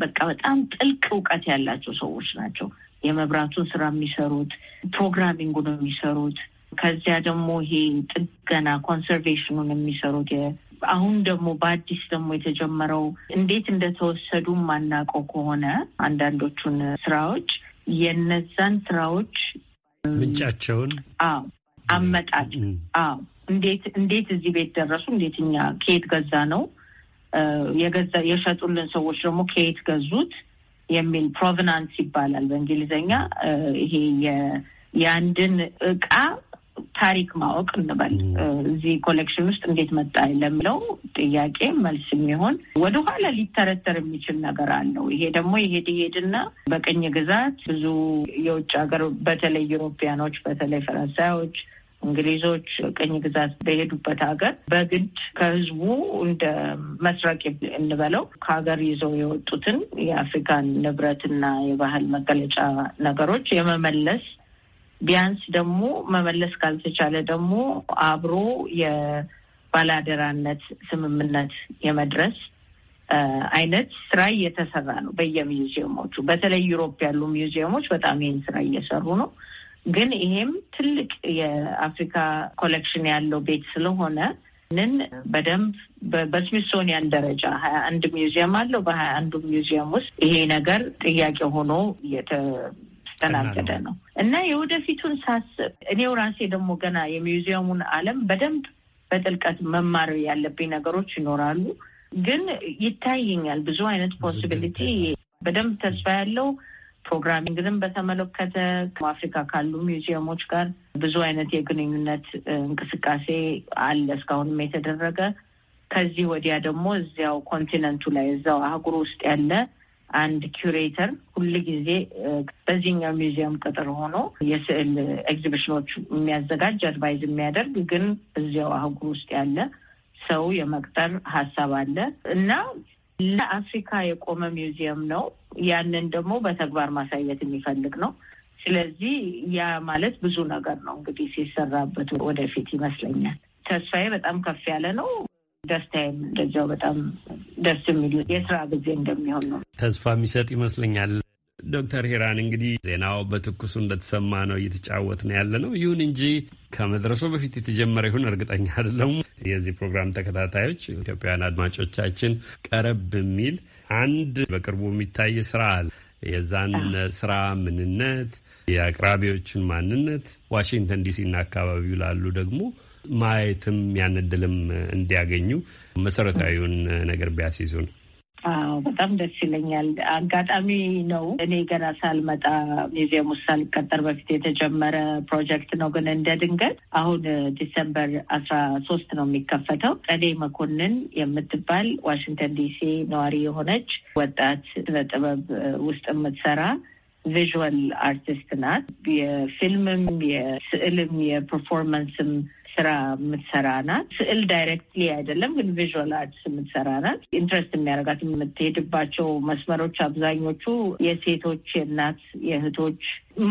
በቃ በጣም ጥልቅ እውቀት ያላቸው ሰዎች ናቸው። የመብራቱን ስራ የሚሰሩት ፕሮግራሚንጉ ነው የሚሰሩት። ከዚያ ደግሞ ይሄ ጥገና ኮንሰርቬሽኑን የሚሰሩት አሁን ደግሞ በአዲስ ደግሞ የተጀመረው እንዴት እንደተወሰዱ ማናውቀው ከሆነ አንዳንዶቹን ስራዎች የነዛን ስራዎች ምንጫቸውን አዎ አመጣል አዎ እንዴት እንዴት እዚህ ቤት ደረሱ እንዴት እኛ ከየት ገዛ ነው የገዛ የሸጡልን ሰዎች ደግሞ ከየት ገዙት የሚል ፕሮቨናንስ ይባላል በእንግሊዝኛ። ይሄ የአንድን እቃ ታሪክ ማወቅ እንበል እዚህ ኮሌክሽን ውስጥ እንዴት መጣ ለሚለው ጥያቄ መልስ የሚሆን ወደኋላ ሊተረተር የሚችል ነገር አለው። ይሄ ደግሞ የሄድ ሄድና በቅኝ ግዛት ብዙ የውጭ ሀገር በተለይ ዩሮፒያኖች፣ በተለይ ፈረንሳዮች እንግሊዞች ቅኝ ግዛት በሄዱበት ሀገር በግድ ከህዝቡ እንደ መስረቅ እንበለው ከሀገር ይዘው የወጡትን የአፍሪካን ንብረትና የባህል መገለጫ ነገሮች የመመለስ ቢያንስ ደግሞ መመለስ ካልተቻለ ደግሞ አብሮ የባላደራነት ስምምነት የመድረስ አይነት ስራ እየተሰራ ነው በየሚውዚየሞቹ። በተለይ ዩሮፕ ያሉ ሚውዚየሞች በጣም ይህን ስራ እየሰሩ ነው። ግን ይሄም ትልቅ የአፍሪካ ኮሌክሽን ያለው ቤት ስለሆነ ንን በደንብ በስሚሶኒያን ደረጃ ሀያ አንድ ሚውዚየም አለው። በሀያ አንዱ ሚውዚየም ውስጥ ይሄ ነገር ጥያቄ ሆኖ የተስተናገደ ነው እና የወደፊቱን ሳስብ እኔው ራሴ ደግሞ ገና የሚውዚየሙን ዓለም በደንብ በጥልቀት መማር ያለብኝ ነገሮች ይኖራሉ። ግን ይታይኛል ብዙ አይነት ፖስቢሊቲ በደንብ ተስፋ ያለው ፕሮግራሚንግንም በተመለከተ አፍሪካ ካሉ ሚውዚየሞች ጋር ብዙ አይነት የግንኙነት እንቅስቃሴ አለ እስካሁንም የተደረገ። ከዚህ ወዲያ ደግሞ እዚያው ኮንቲነንቱ ላይ እዛው አህጉር ውስጥ ያለ አንድ ኩሬተር ሁል ጊዜ በዚህኛው ሚውዚየም ቅጥር ሆኖ የስዕል ኤግዚቢሽኖች የሚያዘጋጅ አድቫይዝ የሚያደርግ ግን እዚያው አህጉር ውስጥ ያለ ሰው የመቅጠር ሀሳብ አለ እና ለአፍሪካ የቆመ ሚውዚየም ነው። ያንን ደግሞ በተግባር ማሳየት የሚፈልግ ነው። ስለዚህ ያ ማለት ብዙ ነገር ነው እንግዲህ ሲሰራበት ወደፊት ይመስለኛል። ተስፋዬ በጣም ከፍ ያለ ነው። ደስታዬም እንደዚያው በጣም ደስ የሚል የስራ ጊዜ እንደሚሆን ነው ተስፋ የሚሰጥ ይመስለኛል። ዶክተር ሂራን እንግዲህ ዜናው በትኩሱ እንደተሰማ ነው እየተጫወት ነው ያለ ነው። ይሁን እንጂ ከመድረሱ በፊት የተጀመረ ይሁን እርግጠኛ አይደለም። የዚህ ፕሮግራም ተከታታዮች ኢትዮጵያውያን አድማጮቻችን ቀረብ የሚል አንድ በቅርቡ የሚታይ ስራ አለ። የዛን ስራ ምንነት፣ የአቅራቢዎችን ማንነት ዋሽንግተን ዲሲ እና አካባቢው ላሉ ደግሞ ማየትም ያንድልም እንዲያገኙ መሰረታዊውን ነገር ቢያስይዙ ነው። አዎ በጣም ደስ ይለኛል። አጋጣሚ ነው። እኔ ገና ሳልመጣ ሙዚየም ውስጥ ሳልቀጠር በፊት የተጀመረ ፕሮጀክት ነው፣ ግን እንደ ድንገት አሁን ዲሰምበር አስራ ሶስት ነው የሚከፈተው። ጸደይ መኮንን የምትባል ዋሽንግተን ዲሲ ነዋሪ የሆነች ወጣት ስነ ጥበብ ውስጥ የምትሰራ ቪዥዋል አርቲስት ናት። የፊልምም የስዕልም የፐርፎርማንስም ስራ የምትሰራ ናት። ስዕል ዳይሬክትሊ አይደለም ግን ቪዥዋል አርትስ የምትሰራ ናት። ኢንትረስት የሚያደርጋት የምትሄድባቸው መስመሮች አብዛኞቹ የሴቶች፣ የእናት፣ የእህቶች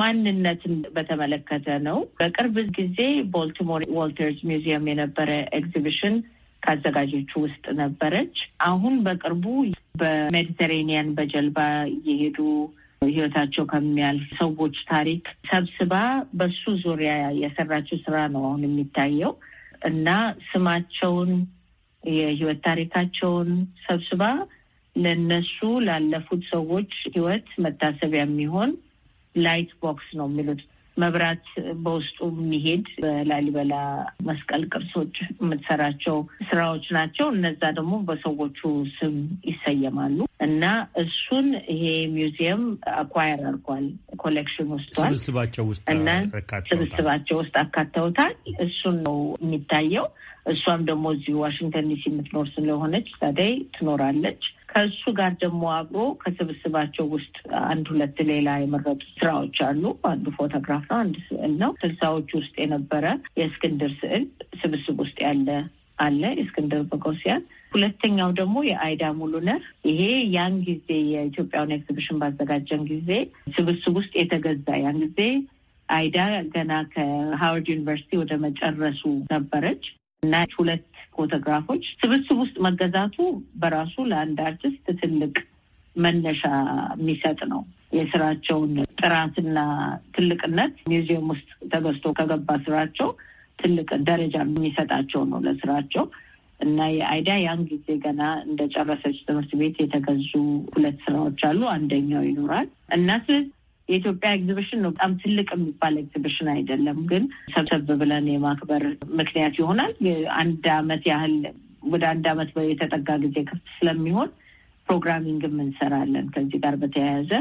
ማንነትን በተመለከተ ነው። በቅርብ ጊዜ ቦልቲሞር ዋልተርስ ሚውዚየም የነበረ ኤግዚቢሽን ከአዘጋጆቹ ውስጥ ነበረች። አሁን በቅርቡ በሜዲተሬኒያን በጀልባ እየሄዱ ህይወታቸው ከሚያልፍ ሰዎች ታሪክ ሰብስባ በሱ ዙሪያ የሰራችው ስራ ነው አሁን የሚታየው እና ስማቸውን የህይወት ታሪካቸውን ሰብስባ ለነሱ ላለፉት ሰዎች ህይወት መታሰቢያ የሚሆን ላይት ቦክስ ነው የሚሉት መብራት በውስጡ የሚሄድ በላሊበላ መስቀል ቅርሶች የምትሰራቸው ስራዎች ናቸው። እነዛ ደግሞ በሰዎቹ ስም ይሰየማሉ እና እሱን ይሄ ሚውዚየም አኳየር አድርጓል። ኮሌክሽን ውስጧል። ስብስባቸው ውስጥ እና ስብስባቸው ውስጥ አካተውታል። እሱን ነው የሚታየው። እሷም ደግሞ እዚሁ ዋሽንግተን ዲሲ የምትኖር ስለሆነች ታዲያ ትኖራለች። ከእሱ ጋር ደግሞ አብሮ ከስብስባቸው ውስጥ አንድ ሁለት ሌላ የመረጡ ስራዎች አሉ። አንዱ ፎቶግራፍ ነው፣ አንድ ነው። ስልሳዎች ውስጥ የነበረ የእስክንድር ስዕል ስብስብ ውስጥ ያለ አለ የእስክንድር በጎሲያን። ሁለተኛው ደግሞ የአይዳ ሙሉነህ ይሄ ያን ጊዜ የኢትዮጵያን ኤግዚቢሽን ባዘጋጀን ጊዜ ስብስብ ውስጥ የተገዛ ያን ጊዜ አይዳ ገና ከሃዋርድ ዩኒቨርሲቲ ወደ መጨረሱ ነበረች እና ሁለት ፎቶግራፎች ስብስብ ውስጥ መገዛቱ በራሱ ለአንድ አርቲስት ትልቅ መነሻ የሚሰጥ ነው። የስራቸውን ጥራትና ትልቅነት ሚውዚየም ውስጥ ተገዝቶ ከገባ ስራቸው ትልቅ ደረጃ የሚሰጣቸው ነው ለስራቸው እና የአይዳ ያን ጊዜ ገና እንደጨረሰች ትምህርት ቤት የተገዙ ሁለት ስራዎች አሉ። አንደኛው ይኖራል እና የኢትዮጵያ ኤግዚቢሽን ነው። በጣም ትልቅ የሚባል ኤግዚቢሽን አይደለም፣ ግን ሰብሰብ ብለን የማክበር ምክንያት ይሆናል። አንድ አመት ያህል ወደ አንድ አመት የተጠጋ ጊዜ ክፍት ስለሚሆን ፕሮግራሚንግም እንሰራለን ከዚህ ጋር በተያያዘ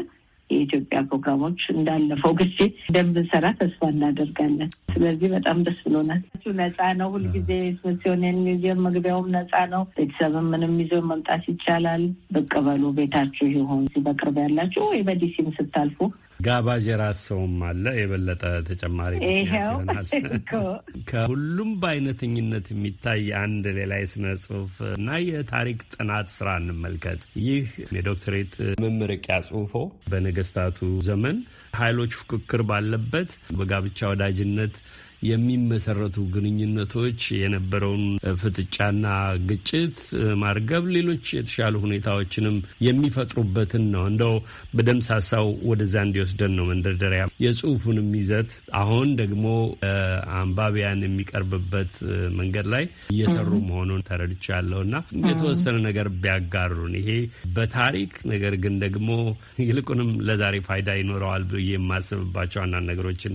የኢትዮጵያ ፕሮግራሞች እንዳለፈው ጊዜ እንደምንሰራ ተስፋ እናደርጋለን። ስለዚህ በጣም ደስ ብሎናል። ነፃ ነው ሁልጊዜ ስሚሲዮኔን ሚዚየም መግቢያውም ነፃ ነው። ቤተሰብም ምንም ይዞ መምጣት ይቻላል። ብቅ በሉ ቤታችሁ ይሆን በቅርብ ያላችሁ ወይ በዲሲም ስታልፉ ጋባዥ የራስ ሰውም አለ። የበለጠ ተጨማሪ ከሁሉም በአይነተኝነት የሚታይ አንድ ሌላ የስነ ጽሁፍ እና የታሪክ ጥናት ስራ እንመልከት። ይህ የዶክትሬት መመረቂያ ጽሁፎ በነገስታቱ ዘመን ኃይሎች ፉክክር ባለበት በጋብቻ ወዳጅነት የሚመሰረቱ ግንኙነቶች የነበረውን ፍጥጫና ግጭት ማርገብ፣ ሌሎች የተሻሉ ሁኔታዎችንም የሚፈጥሩበትን ነው። እንደው በደምሳሳው ወደዛ እንዲወስደን ነው መንደርደሪያ የጽሁፉንም ይዘት አሁን ደግሞ አንባቢያን የሚቀርብበት መንገድ ላይ እየሰሩ መሆኑን ተረድቻለሁ እና የተወሰነ ነገር ቢያጋሩን ይሄ በታሪክ ነገር ግን ደግሞ ይልቁንም ለዛሬ ፋይዳ ይኖረዋል ብዬ የማስብባቸው አንዳንድ ነገሮችን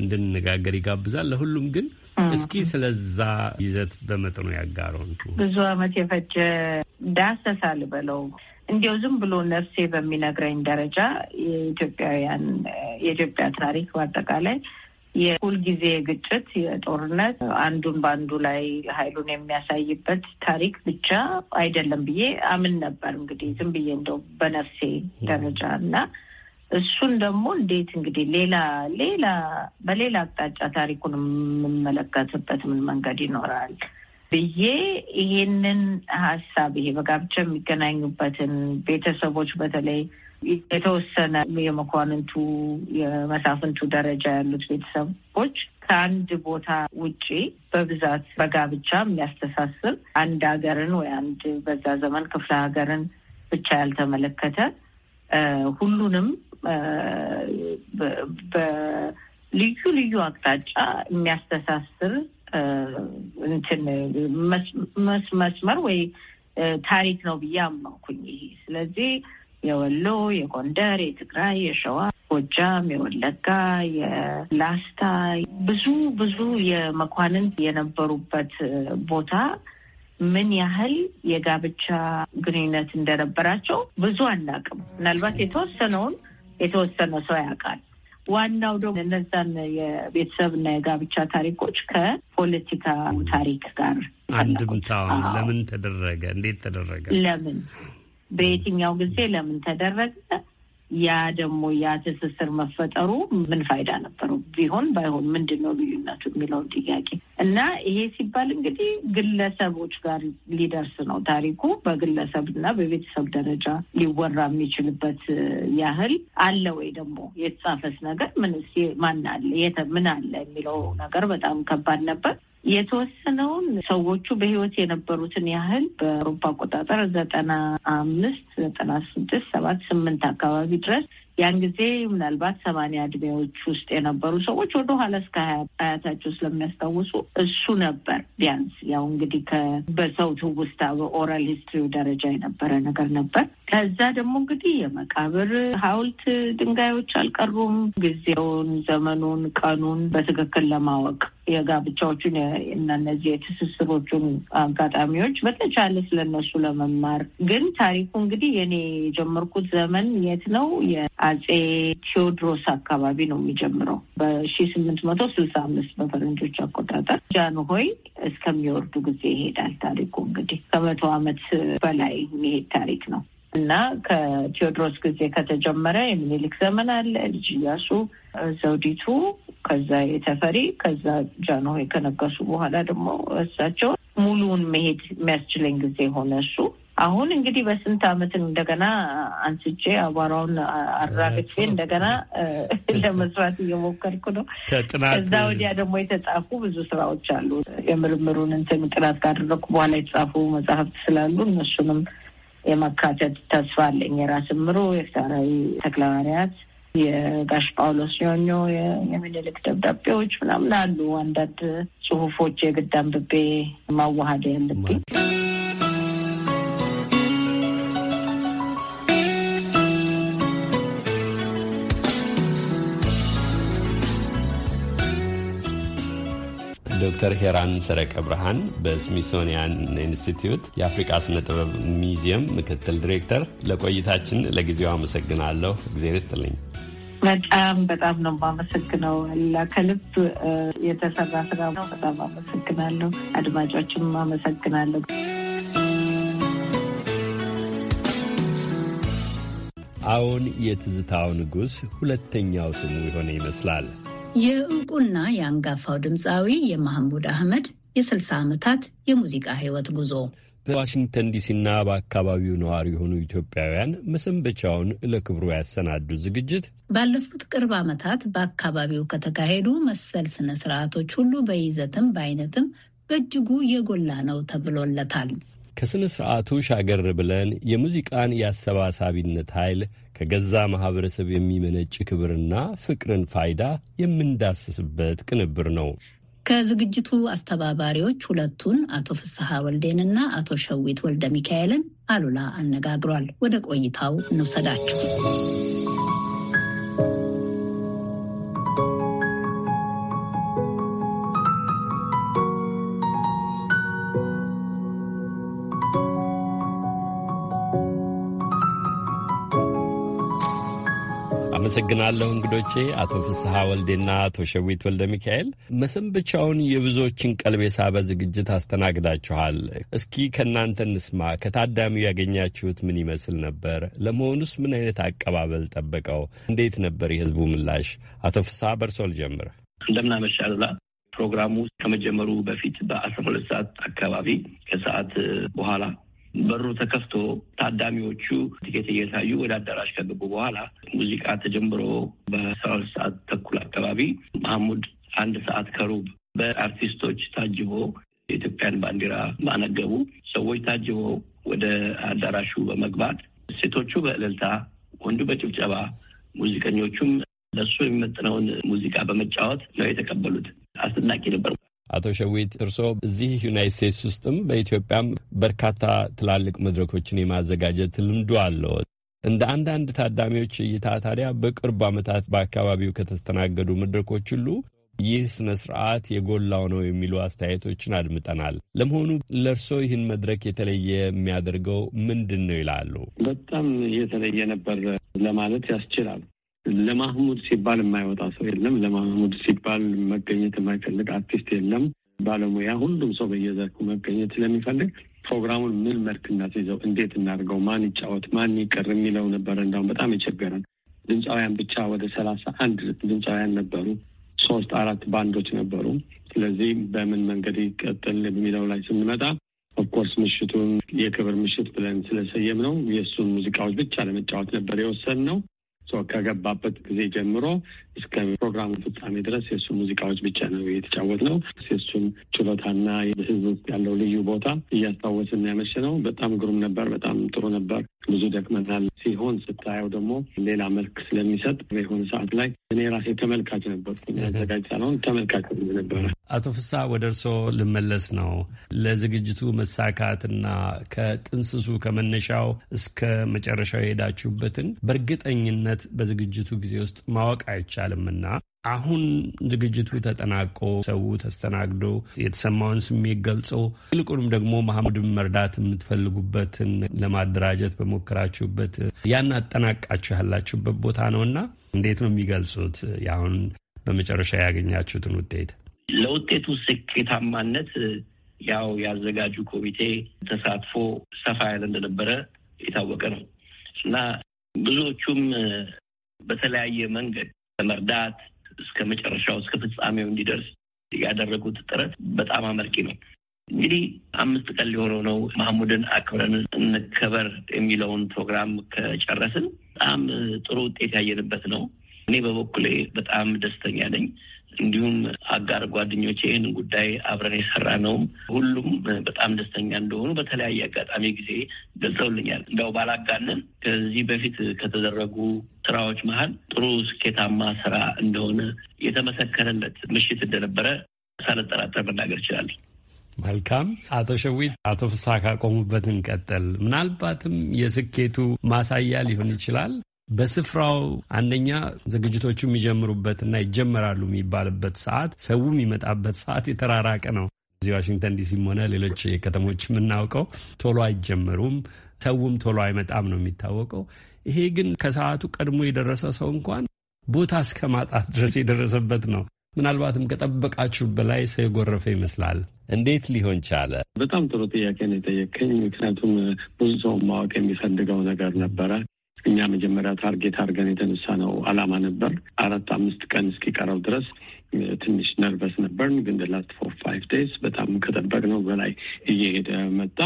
እንድንነጋገር ይጋብዛል። ለሁሉም ግን እስኪ ስለዛ ይዘት በመጠኑ ያጋሩን። ብዙ አመት የፈጀ ዳሰሳ ልበለው እንዲያው ዝም ብሎ ነፍሴ በሚነግረኝ ደረጃ የኢትዮጵያውያን የኢትዮጵያ ታሪክ በአጠቃላይ የሁል ጊዜ ግጭት፣ የጦርነት አንዱን በአንዱ ላይ ኃይሉን የሚያሳይበት ታሪክ ብቻ አይደለም ብዬ አምን ነበር። እንግዲህ ዝም ብዬ እንደው በነፍሴ ደረጃ እና እሱን ደግሞ እንዴት እንግዲህ ሌላ ሌላ በሌላ አቅጣጫ ታሪኩን የምንመለከትበት ምን መንገድ ይኖራል ብዬ ይሄንን ሀሳብ ይሄ በጋብቻ የሚገናኙበትን ቤተሰቦች በተለይ የተወሰነ የመኳንንቱ የመሳፍንቱ ደረጃ ያሉት ቤተሰቦች ከአንድ ቦታ ውጪ በብዛት በጋብቻ የሚያስተሳስብ አንድ ሀገርን ወይ አንድ በዛ ዘመን ክፍለ ሀገርን ብቻ ያልተመለከተ ሁሉንም በልዩ ልዩ አቅጣጫ የሚያስተሳስር እንትን መስመር ወይ ታሪክ ነው ብዬ አመንኩኝ። ይሄ ስለዚህ የወሎ፣ የጎንደር፣ የትግራይ፣ የሸዋ፣ ጎጃም፣ የወለጋ፣ የላስታ ብዙ ብዙ የመኳንንት የነበሩበት ቦታ ምን ያህል የጋብቻ ግንኙነት እንደነበራቸው ብዙ አናውቅም። ምናልባት የተወሰነውን የተወሰነ ሰው ያውቃል። ዋናው ደግሞ እነዛን የቤተሰብና የጋብቻ ታሪኮች ከፖለቲካ ታሪክ ጋር ለምን ተደረገ፣ እንዴት ተደረገ፣ ለምን በየትኛው ጊዜ ለምን ተደረገ ያ ደግሞ ያ ትስስር መፈጠሩ ምን ፋይዳ ነበሩ? ቢሆን ባይሆን ምንድን ነው ልዩነቱ የሚለውን ጥያቄ እና ይሄ ሲባል እንግዲህ ግለሰቦች ጋር ሊደርስ ነው ታሪኩ በግለሰብ እና በቤተሰብ ደረጃ ሊወራ የሚችልበት ያህል አለ ወይ ደግሞ የተጻፈስ ነገር ምን ማን አለ ምን አለ የሚለው ነገር በጣም ከባድ ነበር። የተወሰነውን ሰዎቹ በህይወት የነበሩትን ያህል በአውሮፓ አቆጣጠር ዘጠና አምስት ዘጠና ስድስት ሰባት ስምንት አካባቢ ድረስ ያን ጊዜ ምናልባት ሰማንያ እድሜዎች ውስጥ የነበሩ ሰዎች ወደ ኋላ እስከ አያታቸው ስለሚያስታውሱ እሱ ነበር ቢያንስ ያው እንግዲህ ከበሰው ትውስታ በኦራል ሂስትሪው ደረጃ የነበረ ነገር ነበር። ከዛ ደግሞ እንግዲህ የመቃብር ሐውልት ድንጋዮች አልቀሩም። ጊዜውን፣ ዘመኑን፣ ቀኑን በትክክል ለማወቅ የጋብቻዎቹን እና እነዚህ የትስስሮቹን አጋጣሚዎች በተቻለ ስለነሱ ለመማር ግን ታሪኩ እንግዲህ የኔ የጀመርኩት ዘመን የት ነው አጼ ቴዎድሮስ አካባቢ ነው የሚጀምረው በሺ ስምንት መቶ ስልሳ አምስት በፈረንጆች አቆጣጠር ጃንሆይ እስከሚወርዱ ጊዜ ይሄዳል ታሪኩ። እንግዲህ ከመቶ አመት በላይ የሚሄድ ታሪክ ነው እና ከቴዎድሮስ ጊዜ ከተጀመረ የሚኒሊክ ዘመን አለ፣ ልጅ እያሱ፣ ዘውዲቱ፣ ከዛ የተፈሪ፣ ከዛ ጃንሆይ ከነገሱ በኋላ ደግሞ እሳቸው ሙሉውን መሄድ የሚያስችለኝ ጊዜ ሆነ እሱ አሁን እንግዲህ በስንት አመት እንደገና አንስቼ አቧራውን አራግፌ እንደገና ለመስራት እየሞከርኩ ነው። ከዛ ወዲያ ደግሞ የተጻፉ ብዙ ስራዎች አሉ። የምርምሩን እንትን ጥናት ካደረኩ በኋላ የተጻፉ መጽሐፍት ስላሉ እነሱንም የመካተት ተስፋ አለኝ። የራስ ምሩ፣ የፍታራዊ ተክለሐዋርያት፣ የጋሽ ጳውሎስ ኞኞ፣ የምኒልክ ደብዳቤዎች ምናምን አሉ። አንዳንድ ጽሁፎች የግድ አንብቤ ማዋሃድ ያለብኝ ዶክተር ሄራን ሰረቀ ብርሃን በስሚሶኒያን ኢንስቲትዩት የአፍሪቃ ስነ ጥበብ ሚዚየም ምክትል ዲሬክተር፣ ለቆይታችን ለጊዜው አመሰግናለሁ። እግዜር ይስጥልኝ። በጣም በጣም ነው የማመሰግነው። ከልብ የተሰራ ስራ ነው። በጣም አመሰግናለሁ። አድማጮችም አመሰግናለሁ። አዎን፣ የትዝታው ንጉሥ ሁለተኛው ስሙ የሆነ ይመስላል። የእውቁና የአንጋፋው ድምፃዊ የማህሙድ አህመድ የ60 ዓመታት የሙዚቃ ህይወት ጉዞ በዋሽንግተን ዲሲና በአካባቢው ነዋሪ የሆኑ ኢትዮጵያውያን መሰንበቻውን ለክብሩ ያሰናዱ ዝግጅት ባለፉት ቅርብ ዓመታት በአካባቢው ከተካሄዱ መሰል ስነ ስርዓቶች ሁሉ በይዘትም በአይነትም በእጅጉ የጎላ ነው ተብሎለታል። ከስነ ስርዓቱ ሻገር ብለን የሙዚቃን የአሰባሳቢነት ኃይል ከገዛ ማህበረሰብ የሚመነጭ ክብርና ፍቅርን ፋይዳ የምንዳስስበት ቅንብር ነው። ከዝግጅቱ አስተባባሪዎች ሁለቱን አቶ ፍስሐ ወልዴንና አቶ ሸዊት ወልደ ሚካኤልን አሉላ አነጋግሯል። ወደ ቆይታው እንውሰዳችሁ። አመሰግናለሁ እንግዶቼ አቶ ፍስሐ ወልዴና አቶ ሸዊት ወልደ ሚካኤል። መሰንበቻውን የብዙዎችን ቀልብ የሳበ ዝግጅት አስተናግዳችኋል። እስኪ ከእናንተ እንስማ። ከታዳሚው ያገኛችሁት ምን ይመስል ነበር? ለመሆኑስ ምን አይነት አቀባበል ጠበቀው? እንዴት ነበር የህዝቡ ምላሽ? አቶ ፍስሐ በርሶ ልጀምር። እንደምናመሻ ፕሮግራሙ ከመጀመሩ በፊት በአስራ ሁለት ሰዓት አካባቢ ከሰዓት በኋላ በሩ ተከፍቶ ታዳሚዎቹ ትኬት እየታዩ ወደ አዳራሽ ከገቡ በኋላ ሙዚቃ ተጀምሮ በአስራ ሁለት ሰዓት ተኩል አካባቢ መሐሙድ አንድ ሰዓት ከሩብ በአርቲስቶች ታጅቦ የኢትዮጵያን ባንዲራ ማነገቡ ሰዎች ታጅቦ ወደ አዳራሹ በመግባት ሴቶቹ በእልልታ ወንዱ በጭብጨባ ሙዚቀኞቹም ለሱ የሚመጥነውን ሙዚቃ በመጫወት ነው የተቀበሉት። አስደናቂ ነበር። አቶ ሸዊት እርስዎ እዚህ ዩናይት ስቴትስ ውስጥም በኢትዮጵያም በርካታ ትላልቅ መድረኮችን የማዘጋጀት ልምዱ አለው። እንደ አንዳንድ ታዳሚዎች እይታ ታዲያ በቅርብ ዓመታት በአካባቢው ከተስተናገዱ መድረኮች ሁሉ ይህ ስነ ስርዓት የጎላው ነው የሚሉ አስተያየቶችን አድምጠናል። ለመሆኑ ለእርስዎ ይህን መድረክ የተለየ የሚያደርገው ምንድን ነው ይላሉ? በጣም የተለየ ነበር ለማለት ያስችላል። ለማህሙድ ሲባል የማይወጣ ሰው የለም። ለማህሙድ ሲባል መገኘት የማይፈልግ አርቲስት የለም። ባለሙያ ሁሉም ሰው በየዘርፉ መገኘት ስለሚፈልግ ፕሮግራሙን ምን መልክ እናስይዘው፣ እንዴት እናድርገው፣ ማን ይጫወት፣ ማን ይቅር የሚለው ነበረ። እንዳውም በጣም የቸገረን ድምፃውያን ብቻ ወደ ሰላሳ አንድ ድምፃውያን ነበሩ። ሶስት አራት ባንዶች ነበሩ። ስለዚህ በምን መንገድ ይቀጥል የሚለው ላይ ስንመጣ ኦፍኮርስ ምሽቱን የክብር ምሽት ብለን ስለሰየም ነው የእሱን ሙዚቃዎች ብቻ ለመጫወት ነበር የወሰን ነው። ከገባበት ጊዜ ጀምሮ እስከ ፕሮግራሙ ፍጻሜ ድረስ የእሱ ሙዚቃዎች ብቻ ነው የተጫወት ነው። የእሱን ችሎታና ህዝብ ውስጥ ያለው ልዩ ቦታ እያስታወስን ያመሸ ነው። በጣም ግሩም ነበር። በጣም ጥሩ ነበር። ብዙ ደክመናል። ሲሆን ስታየው ደግሞ ሌላ መልክ ስለሚሰጥ የሆነ ሰዓት ላይ እኔ ራሴ ተመልካች ነበር፣ አዘጋጅ ሳልሆን ተመልካች ነበረ። አቶ ፍሳ ወደ እርስዎ ልመለስ ነው። ለዝግጅቱ መሳካትና ከጥንስሱ ከመነሻው እስከ መጨረሻው የሄዳችሁበትን በእርግጠኝነት በዝግጅቱ ጊዜ ውስጥ ማወቅ አይቻልምና አሁን ዝግጅቱ ተጠናቆ ሰው ተስተናግዶ የተሰማውን ስሜት ገልጾ ይልቁንም ደግሞ መሐሙድን መርዳት የምትፈልጉበትን ለማደራጀት በሞከራችሁበት ያን አጠናቃችሁ ያላችሁበት ቦታ ነውና እንዴት ነው የሚገልጹት? ያሁን በመጨረሻ ያገኛችሁትን ውጤት ለውጤቱ ስኬታማነት ያው ያዘጋጁ ኮሚቴ ተሳትፎ ሰፋ ያለ እንደነበረ የታወቀ ነው እና ብዙዎቹም በተለያየ መንገድ ለመርዳት እስከ መጨረሻው እስከ ፍጻሜው እንዲደርስ ያደረጉት ጥረት በጣም አመርቂ ነው። እንግዲህ አምስት ቀን ሊሆነው ነው ማህሙድን አክብረን እንከበር የሚለውን ፕሮግራም ከጨረስን በጣም ጥሩ ውጤት ያየንበት ነው። እኔ በበኩሌ በጣም ደስተኛ ነኝ። እንዲሁም አጋር ጓደኞች ይህን ጉዳይ አብረን የሰራ ነው። ሁሉም በጣም ደስተኛ እንደሆኑ በተለያየ አጋጣሚ ጊዜ ገልጸውልኛል። እንደው ባላጋንን ከዚህ በፊት ከተደረጉ ስራዎች መሀል ጥሩ ስኬታማ ስራ እንደሆነ የተመሰከረለት ምሽት እንደነበረ ሳልጠራጠር መናገር ይችላል። መልካም አቶ ሸዊት፣ አቶ ፍስሐ ካቆሙበት እንቀጥል። ምናልባትም የስኬቱ ማሳያ ሊሆን ይችላል በስፍራው አንደኛ ዝግጅቶቹ እና ይጀመራሉ የሚባልበት ሰዓት፣ ሰው የሚመጣበት ሰዓት የተራራቀ ነው። እዚህ ዋሽንግተን ዲሲም ሆነ ሌሎች ከተሞች የምናውቀው ቶሎ አይጀመሩም፣ ሰውም ቶሎ አይመጣም ነው የሚታወቀው። ይሄ ግን ከሰዓቱ ቀድሞ የደረሰ ሰው እንኳን ቦታ እስከ ማጣት ድረስ የደረሰበት ነው። ምናልባትም ከጠበቃችሁ በላይ ሰው የጎረፈ ይመስላል። እንዴት ሊሆን ቻለ? በጣም ጥሩ ጥያቄ ነው የጠየቀኝ። ምክንያቱም ብዙ ሰው ማወቅ የሚፈልገው ነገር ነበረ። እኛ መጀመሪያ ታርጌት አድርገን የተነሳ ነው አላማ ነበር። አራት አምስት ቀን እስኪቀረው ድረስ ትንሽ ነርቨስ ነበርን፣ ግን ላስት ፎር ፋይቭ ዴይስ በጣም ከጠበቅነው በላይ እየሄደ መጣ።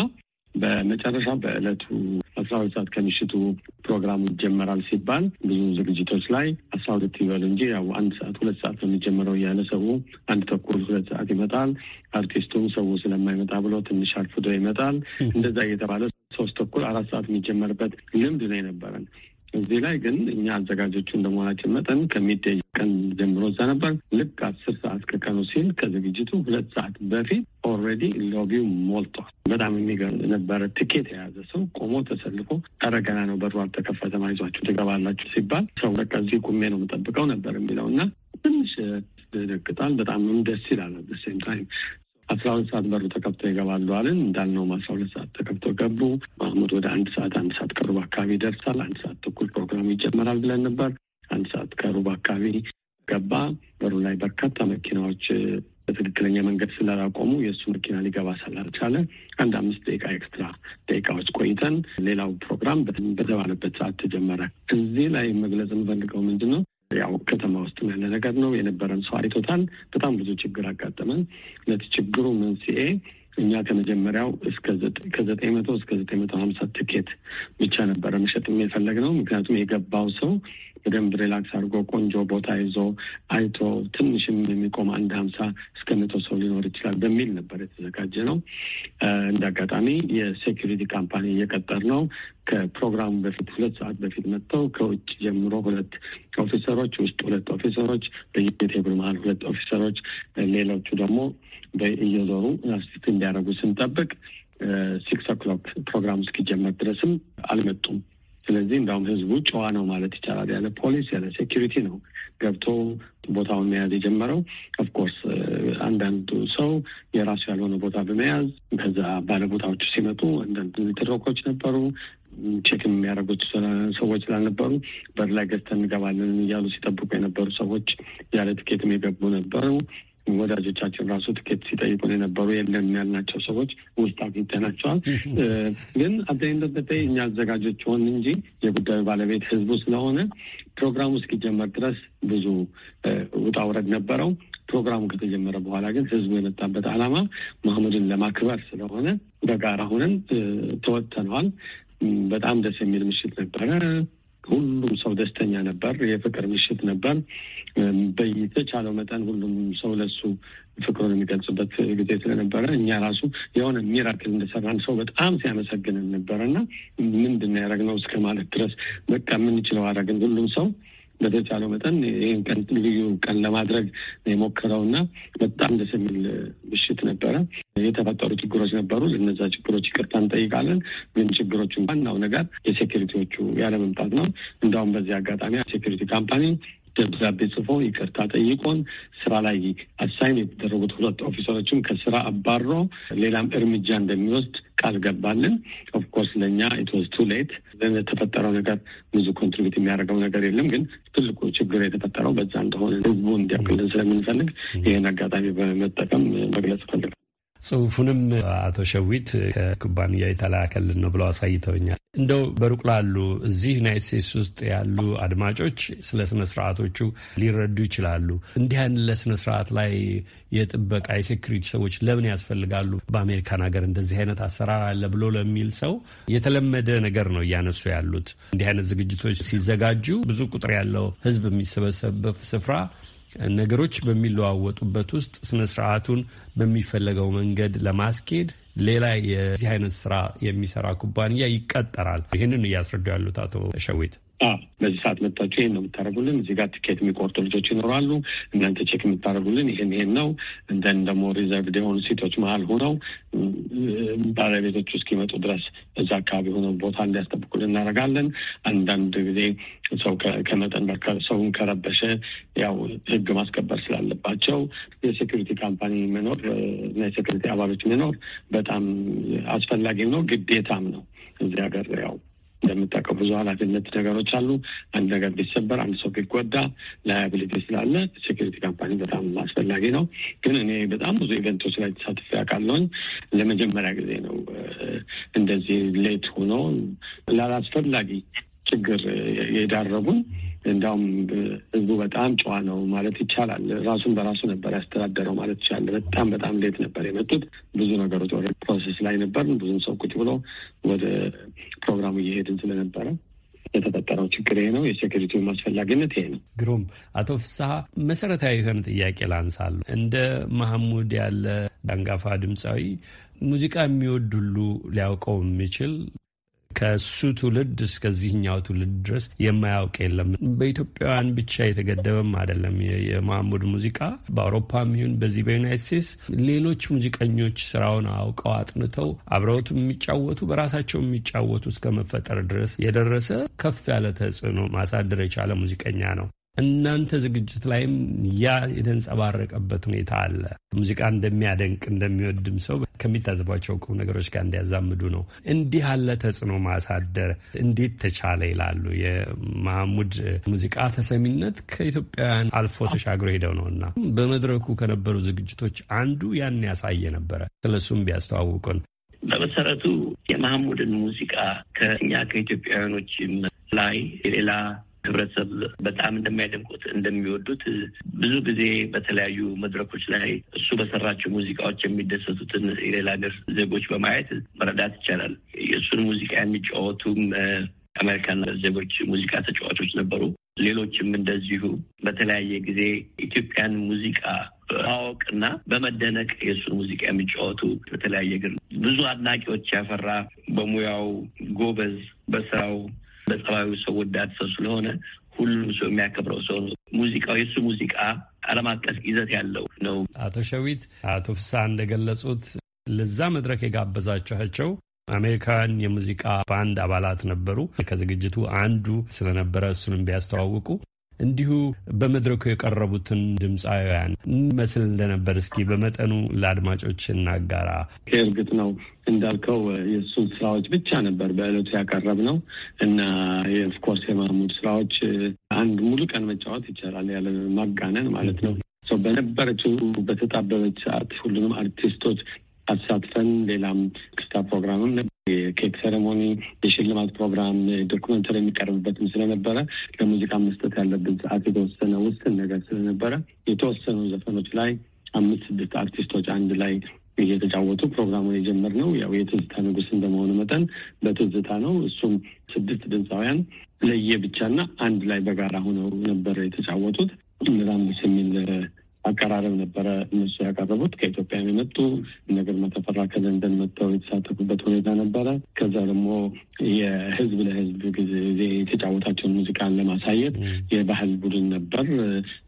በመጨረሻ በእለቱ አስራ ሁለት ሰዓት ከምሽቱ ፕሮግራሙ ይጀመራል ሲባል ብዙ ዝግጅቶች ላይ አስራ ሁለት ይበል እንጂ ያው አንድ ሰዓት ሁለት ሰዓት በሚጀምረው እያለ ሰው አንድ ተኩል ሁለት ሰዓት ይመጣል። አርቲስቱም ሰው ስለማይመጣ ብሎ ትንሽ አርፍዶ ይመጣል። እንደዛ እየተባለ ሶስት ተኩል አራት ሰዓት የሚጀመርበት ልምድ ነው የነበረን። እዚህ ላይ ግን እኛ አዘጋጆቹ እንደመሆናችን መጠን ከሚደይ ቀን ጀምሮ እዛ ነበር። ልክ አስር ሰዓት ከቀኑ ሲል ከዝግጅቱ ሁለት ሰዓት በፊት ኦልሬዲ ሎቢው ሞልቷል። በጣም የሚገርም ነበረ። ትኬት የያዘ ሰው ቆሞ ተሰልፎ ኧረ ገና ነው በሩ አልተከፈተም፣ አይዟችሁ ትገባላችሁ ሲባል ሰው በቃ እዚህ ቁሜ ነው የምጠብቀው ነበር የሚለው እና ትንሽ ያስደነግጣል። በጣም ደስ ይላል። ሴም ታይም አስራ ሁለት ሰዓት በሩ ተከብተው ይገባሉ አለን። እንዳልነውም አስራ ሁለት ሰዓት ተከብተው ገቡ። ማህሙድ ወደ አንድ ሰዓት አንድ ሰዓት ከሩብ አካባቢ ይደርሳል። አንድ ሰዓት ተኩል ፕሮግራም ይጀመራል ብለን ነበር። አንድ ሰዓት ከሩብ አካባቢ ገባ። በሩ ላይ በርካታ መኪናዎች በትክክለኛ መንገድ ስላላቆሙ የእሱ መኪና ሊገባ ስላልቻለ አንድ አምስት ደቂቃ ኤክስትራ ደቂቃዎች ቆይተን ሌላው ፕሮግራም በተባለበት ሰዓት ተጀመረ። እዚህ ላይ መግለጽ የምፈልገው ምንድን ነው ያው ከተማ ውስጥ ያለ ነገር ነው። የነበረን ሰው አይቶታል። በጣም ብዙ ችግር አጋጠመን። ለት ችግሩ መንስኤ እኛ ከመጀመሪያው እስከ ዘጠኝ መቶ እስከ ዘጠኝ መቶ ሀምሳ ትኬት ብቻ ነበረ መሸጥ የፈለግነው ምክንያቱም የገባው ሰው በደንብ ሪላክስ አድርጎ ቆንጆ ቦታ ይዞ አይቶ ትንሽም የሚቆም አንድ ሀምሳ እስከ መቶ ሰው ሊኖር ይችላል በሚል ነበር የተዘጋጀ ነው። እንደ አጋጣሚ የሴኪሪቲ ካምፓኒ እየቀጠር ነው። ከፕሮግራሙ በፊት ሁለት ሰዓት በፊት መጥተው ከውጭ ጀምሮ ሁለት ኦፊሰሮች፣ ውስጥ ሁለት ኦፊሰሮች፣ በየቴብል መሀል ሁለት ኦፊሰሮች፣ ሌሎቹ ደግሞ እየዞሩ እንዲያደርጉ ስንጠብቅ ሲክስ ኦክሎክ ፕሮግራም እስኪጀመር ድረስም አልመጡም። ስለዚህ እንዳውም ህዝቡ ጨዋ ነው ማለት ይቻላል። ያለ ፖሊስ ያለ ሴኪሪቲ ነው ገብቶ ቦታውን መያዝ የጀመረው። ኦፍኮርስ አንዳንዱ ሰው የራሱ ያልሆነ ቦታ በመያዝ ከዛ ባለቦታዎች ሲመጡ አንዳንድ ትርኮች ነበሩ። ቼክ የሚያደርጉት ሰዎች ስላልነበሩ በር ላይ ገዝተን እንገባለን እያሉ ሲጠብቁ የነበሩ ሰዎች ያለ ትኬትም የገቡ ነበሩ። ወዳጆቻችን ራሱ ትኬት ሲጠይቁን የነበሩ የለም ያልናቸው ሰዎች ውስጥ አግኝተናቸዋል። ግን አብዛኝነት እኛ አዘጋጆች ሆን እንጂ የጉዳዩ ባለቤት ህዝቡ ስለሆነ ፕሮግራሙ እስኪጀመር ድረስ ብዙ ውጣ ውረድ ነበረው። ፕሮግራሙ ከተጀመረ በኋላ ግን ህዝቡ የመጣበት ዓላማ መሐመድን ለማክበር ስለሆነ በጋራ ሁነን ተወጥተነዋል። በጣም ደስ የሚል ምሽት ነበረ። ሁሉም ሰው ደስተኛ ነበር። የፍቅር ምሽት ነበር። በተቻለው መጠን ሁሉም ሰው ለሱ ፍቅሩን የሚገልጽበት ጊዜ ስለነበረ እኛ ራሱ የሆነ ሚራክል እንደሰራን ሰው በጣም ሲያመሰግንን ነበረ እና ምንድን ነው ያደረግነው እስከ ማለት ድረስ በቃ የምንችለው አደረግን ሁሉም ሰው በተቻለው መጠን ይህን ቀን ልዩ ቀን ለማድረግ የሞከረውና በጣም ደስ የሚል ምሽት ነበረ። የተፈጠሩ ችግሮች ነበሩ። ለነዛ ችግሮች ይቅርታ እንጠይቃለን። ግን ችግሮቹን ዋናው ነገር የሴኪሪቲዎቹ ያለመምጣት ነው። እንዲሁም በዚህ አጋጣሚ ሴኪሪቲ ካምፓኒ ደብዛቤ ጽፎ ይቅርታ ጠይቆን ስራ ላይ አሳይን የተደረጉት ሁለት ኦፊሰሮችም ከስራ አባሮ ሌላም እርምጃ እንደሚወስድ ቃል ገባልን። ኦፍኮርስ ለእኛ ኢትወዝ ቱ ሌት የተፈጠረው ነገር ብዙ ኮንትሪቢዩት የሚያደርገው ነገር የለም። ግን ትልቁ ችግር የተፈጠረው በዛ እንደሆነ ህዝቡ እንዲያውቅልን ስለምንፈልግ ይህን አጋጣሚ በመጠቀም መግለጽ ፈልግ ጽሁፉንም አቶ ሸዊት ከኩባንያ የተላከልን ነው ብለው አሳይተውኛል። እንደው በሩቅ ላሉ እዚህ ዩናይት ስቴትስ ውስጥ ያሉ አድማጮች ስለ ስነ ስርዓቶቹ ሊረዱ ይችላሉ። እንዲህ አይነት ለስነ ስርዓት ላይ የጥበቃ የሴኩሪቲ ሰዎች ለምን ያስፈልጋሉ? በአሜሪካን ሀገር እንደዚህ አይነት አሰራር አለ ብሎ ለሚል ሰው የተለመደ ነገር ነው እያነሱ ያሉት። እንዲህ አይነት ዝግጅቶች ሲዘጋጁ ብዙ ቁጥር ያለው ህዝብ የሚሰበሰብበት ስፍራ ነገሮች በሚለዋወጡበት ውስጥ ስነ ስርዓቱን በሚፈለገው መንገድ ለማስኬድ ሌላ የዚህ አይነት ስራ የሚሰራ ኩባንያ ይቀጠራል። ይህንን እያስረዱ ያሉት አቶ ሸዊት በዚህ ሰዓት መጥታችሁ ይሄን ነው የምታደርጉልን፣ እዚህ ጋር ትኬት የሚቆርጡ ልጆች ይኖራሉ፣ እናንተ ቼክ የምታደርጉልን ይሄን ይሄን ነው። እንደን ደግሞ ሪዘርቭድ የሆኑ ሴቶች መሀል ሆነው ባለቤቶቹ እስኪመጡ ድረስ እዛ አካባቢ ሆነው ቦታ እንዲያስጠብቁልን እናደርጋለን። አንዳንድ ጊዜ ሰው ከመጠን ሰውን ከረበሸ ያው ህግ ማስከበር ስላለባቸው የሴኩሪቲ ካምፓኒ መኖር እና የሴኩሪቲ አባሎች መኖር በጣም አስፈላጊም ነው ግዴታም ነው እዚህ ሀገር ያው እንደምታውቀው ብዙ ኃላፊነት ነገሮች አሉ። አንድ ነገር ቢሰበር፣ አንድ ሰው ቢጎዳ ላያብሊቲ ስላለ ሴኪሪቲ ካምፓኒ በጣም አስፈላጊ ነው። ግን እኔ በጣም ብዙ ኢቨንቶች ላይ ተሳትፌ አውቃለሁኝ። ለመጀመሪያ ጊዜ ነው እንደዚህ ሌት ሆኖ ላላስፈላጊ ችግር የዳረጉን እንዲያውም ህዝቡ በጣም ጨዋ ነው ማለት ይቻላል። ራሱን በራሱ ነበር ያስተዳደረው ማለት ይቻላል። በጣም በጣም ሌት ነበር የመጡት። ብዙ ነገሮች ወደ ፕሮሴስ ላይ ነበር። ብዙም ሰው ቁጭ ብሎ ወደ ፕሮግራሙ እየሄድን ስለነበረ የተፈጠረው ችግር ይሄ ነው። የሴኪሪቲ አስፈላጊነት ይሄ ነው። ግሩም። አቶ ፍስሀ መሰረታዊ የሆነ ጥያቄ ላንሳሉ። እንደ መሐሙድ ያለ ዳንጋፋ ድምፃዊ ሙዚቃ የሚወድ ሁሉ ሊያውቀው የሚችል ከሱ ትውልድ እስከዚህኛው ትውልድ ድረስ የማያውቅ የለም። በኢትዮጵያውያን ብቻ የተገደበም አይደለም። የማህሙድ ሙዚቃ በአውሮፓም ይሁን በዚህ በዩናይት ስቴትስ ሌሎች ሙዚቀኞች ስራውን አውቀው አጥንተው አብረውት የሚጫወቱ በራሳቸው የሚጫወቱ እስከ መፈጠር ድረስ የደረሰ ከፍ ያለ ተጽዕኖ ማሳደር የቻለ ሙዚቀኛ ነው። እናንተ ዝግጅት ላይም ያ የተንጸባረቀበት ሁኔታ አለ። ሙዚቃ እንደሚያደንቅ እንደሚወድም ሰው ከሚታዘቧቸው ቁም ነገሮች ጋር እንዲያዛምዱ ነው። እንዲህ ያለ ተጽዕኖ ማሳደር እንዴት ተቻለ ይላሉ። የመሐሙድ ሙዚቃ ተሰሚነት ከኢትዮጵያውያን አልፎ ተሻግሮ ሄደው ነው እና በመድረኩ ከነበሩ ዝግጅቶች አንዱ ያን ያሳየ ነበረ። ስለሱም ቢያስተዋውቁን። በመሰረቱ የመሐሙድን ሙዚቃ ከኛ ከኢትዮጵያውያኖችም ላይ የሌላ ህብረተሰብ በጣም እንደሚያደንቁት እንደሚወዱት ብዙ ጊዜ በተለያዩ መድረኮች ላይ እሱ በሰራቸው ሙዚቃዎች የሚደሰቱትን የሌላ ሀገር ዜጎች በማየት መረዳት ይቻላል። የእሱን ሙዚቃ የሚጫወቱም አሜሪካን ዜጎች ሙዚቃ ተጫዋቾች ነበሩ። ሌሎችም እንደዚሁ በተለያየ ጊዜ ኢትዮጵያን ሙዚቃ እና በመደነቅ የእሱን ሙዚቃ የሚጫወቱ በተለያየ ግር ብዙ አድናቂዎች ያፈራ በሙያው ጎበዝ፣ በስራው በጸባዩ ሰው ወዳድ ሰው ስለሆነ ሁሉም ሰው የሚያከብረው ሰው ነው። ሙዚቃው የእሱ ሙዚቃ ዓለም አቀፍ ይዘት ያለው ነው። አቶ ሸዊት፣ አቶ ፍስሐ እንደገለጹት ለዛ መድረክ የጋበዛችኋቸው አሜሪካውያን የሙዚቃ ባንድ አባላት ነበሩ። ከዝግጅቱ አንዱ ስለነበረ እሱንም ቢያስተዋውቁ እንዲሁ በመድረኩ የቀረቡትን ድምፃውያን መስል እንደነበር እስኪ በመጠኑ ለአድማጮች እናጋራ። እርግጥ ነው እንዳልከው የእሱን ስራዎች ብቻ ነበር በእለቱ ያቀረብ ነው እና የኦፍኮርስ የማህሙድ ስራዎች አንድ ሙሉ ቀን መጫወት ይቻላል ያለ ማጋነን ማለት ነው። በነበረችው በተጣበበች ሰዓት ሁሉንም አርቲስቶች አሳትፈን ሌላም ክስታ ፕሮግራምም የኬክ ሴሬሞኒ፣ የሽልማት ፕሮግራም፣ ዶክመንተሪ የሚቀርብበትም ስለነበረ ለሙዚቃ መስጠት ያለብን ሰዓት የተወሰነ ውስን ነገር ስለነበረ የተወሰኑ ዘፈኖች ላይ አምስት ስድስት አርቲስቶች አንድ ላይ እየተጫወቱ ፕሮግራሙን የጀመርነው ያው የትዝታ ንጉስ እንደመሆኑ መጠን በትዝታ ነው። እሱም ስድስት ድምፃውያን ለየብቻና አንድ ላይ በጋራ ሆነው ነበር የተጫወቱት። በጣም ደስ የሚል አቀራረብ ነበረ እነሱ ያቀረቡት። ከኢትዮጵያ የመጡ ነገር መተፈራ ከለንደን መጥተው የተሳተፉበት ሁኔታ ነበረ። ከዛ ደግሞ የህዝብ ለህዝብ ጊዜ የተጫወታቸውን ሙዚቃን ለማሳየት የባህል ቡድን ነበር።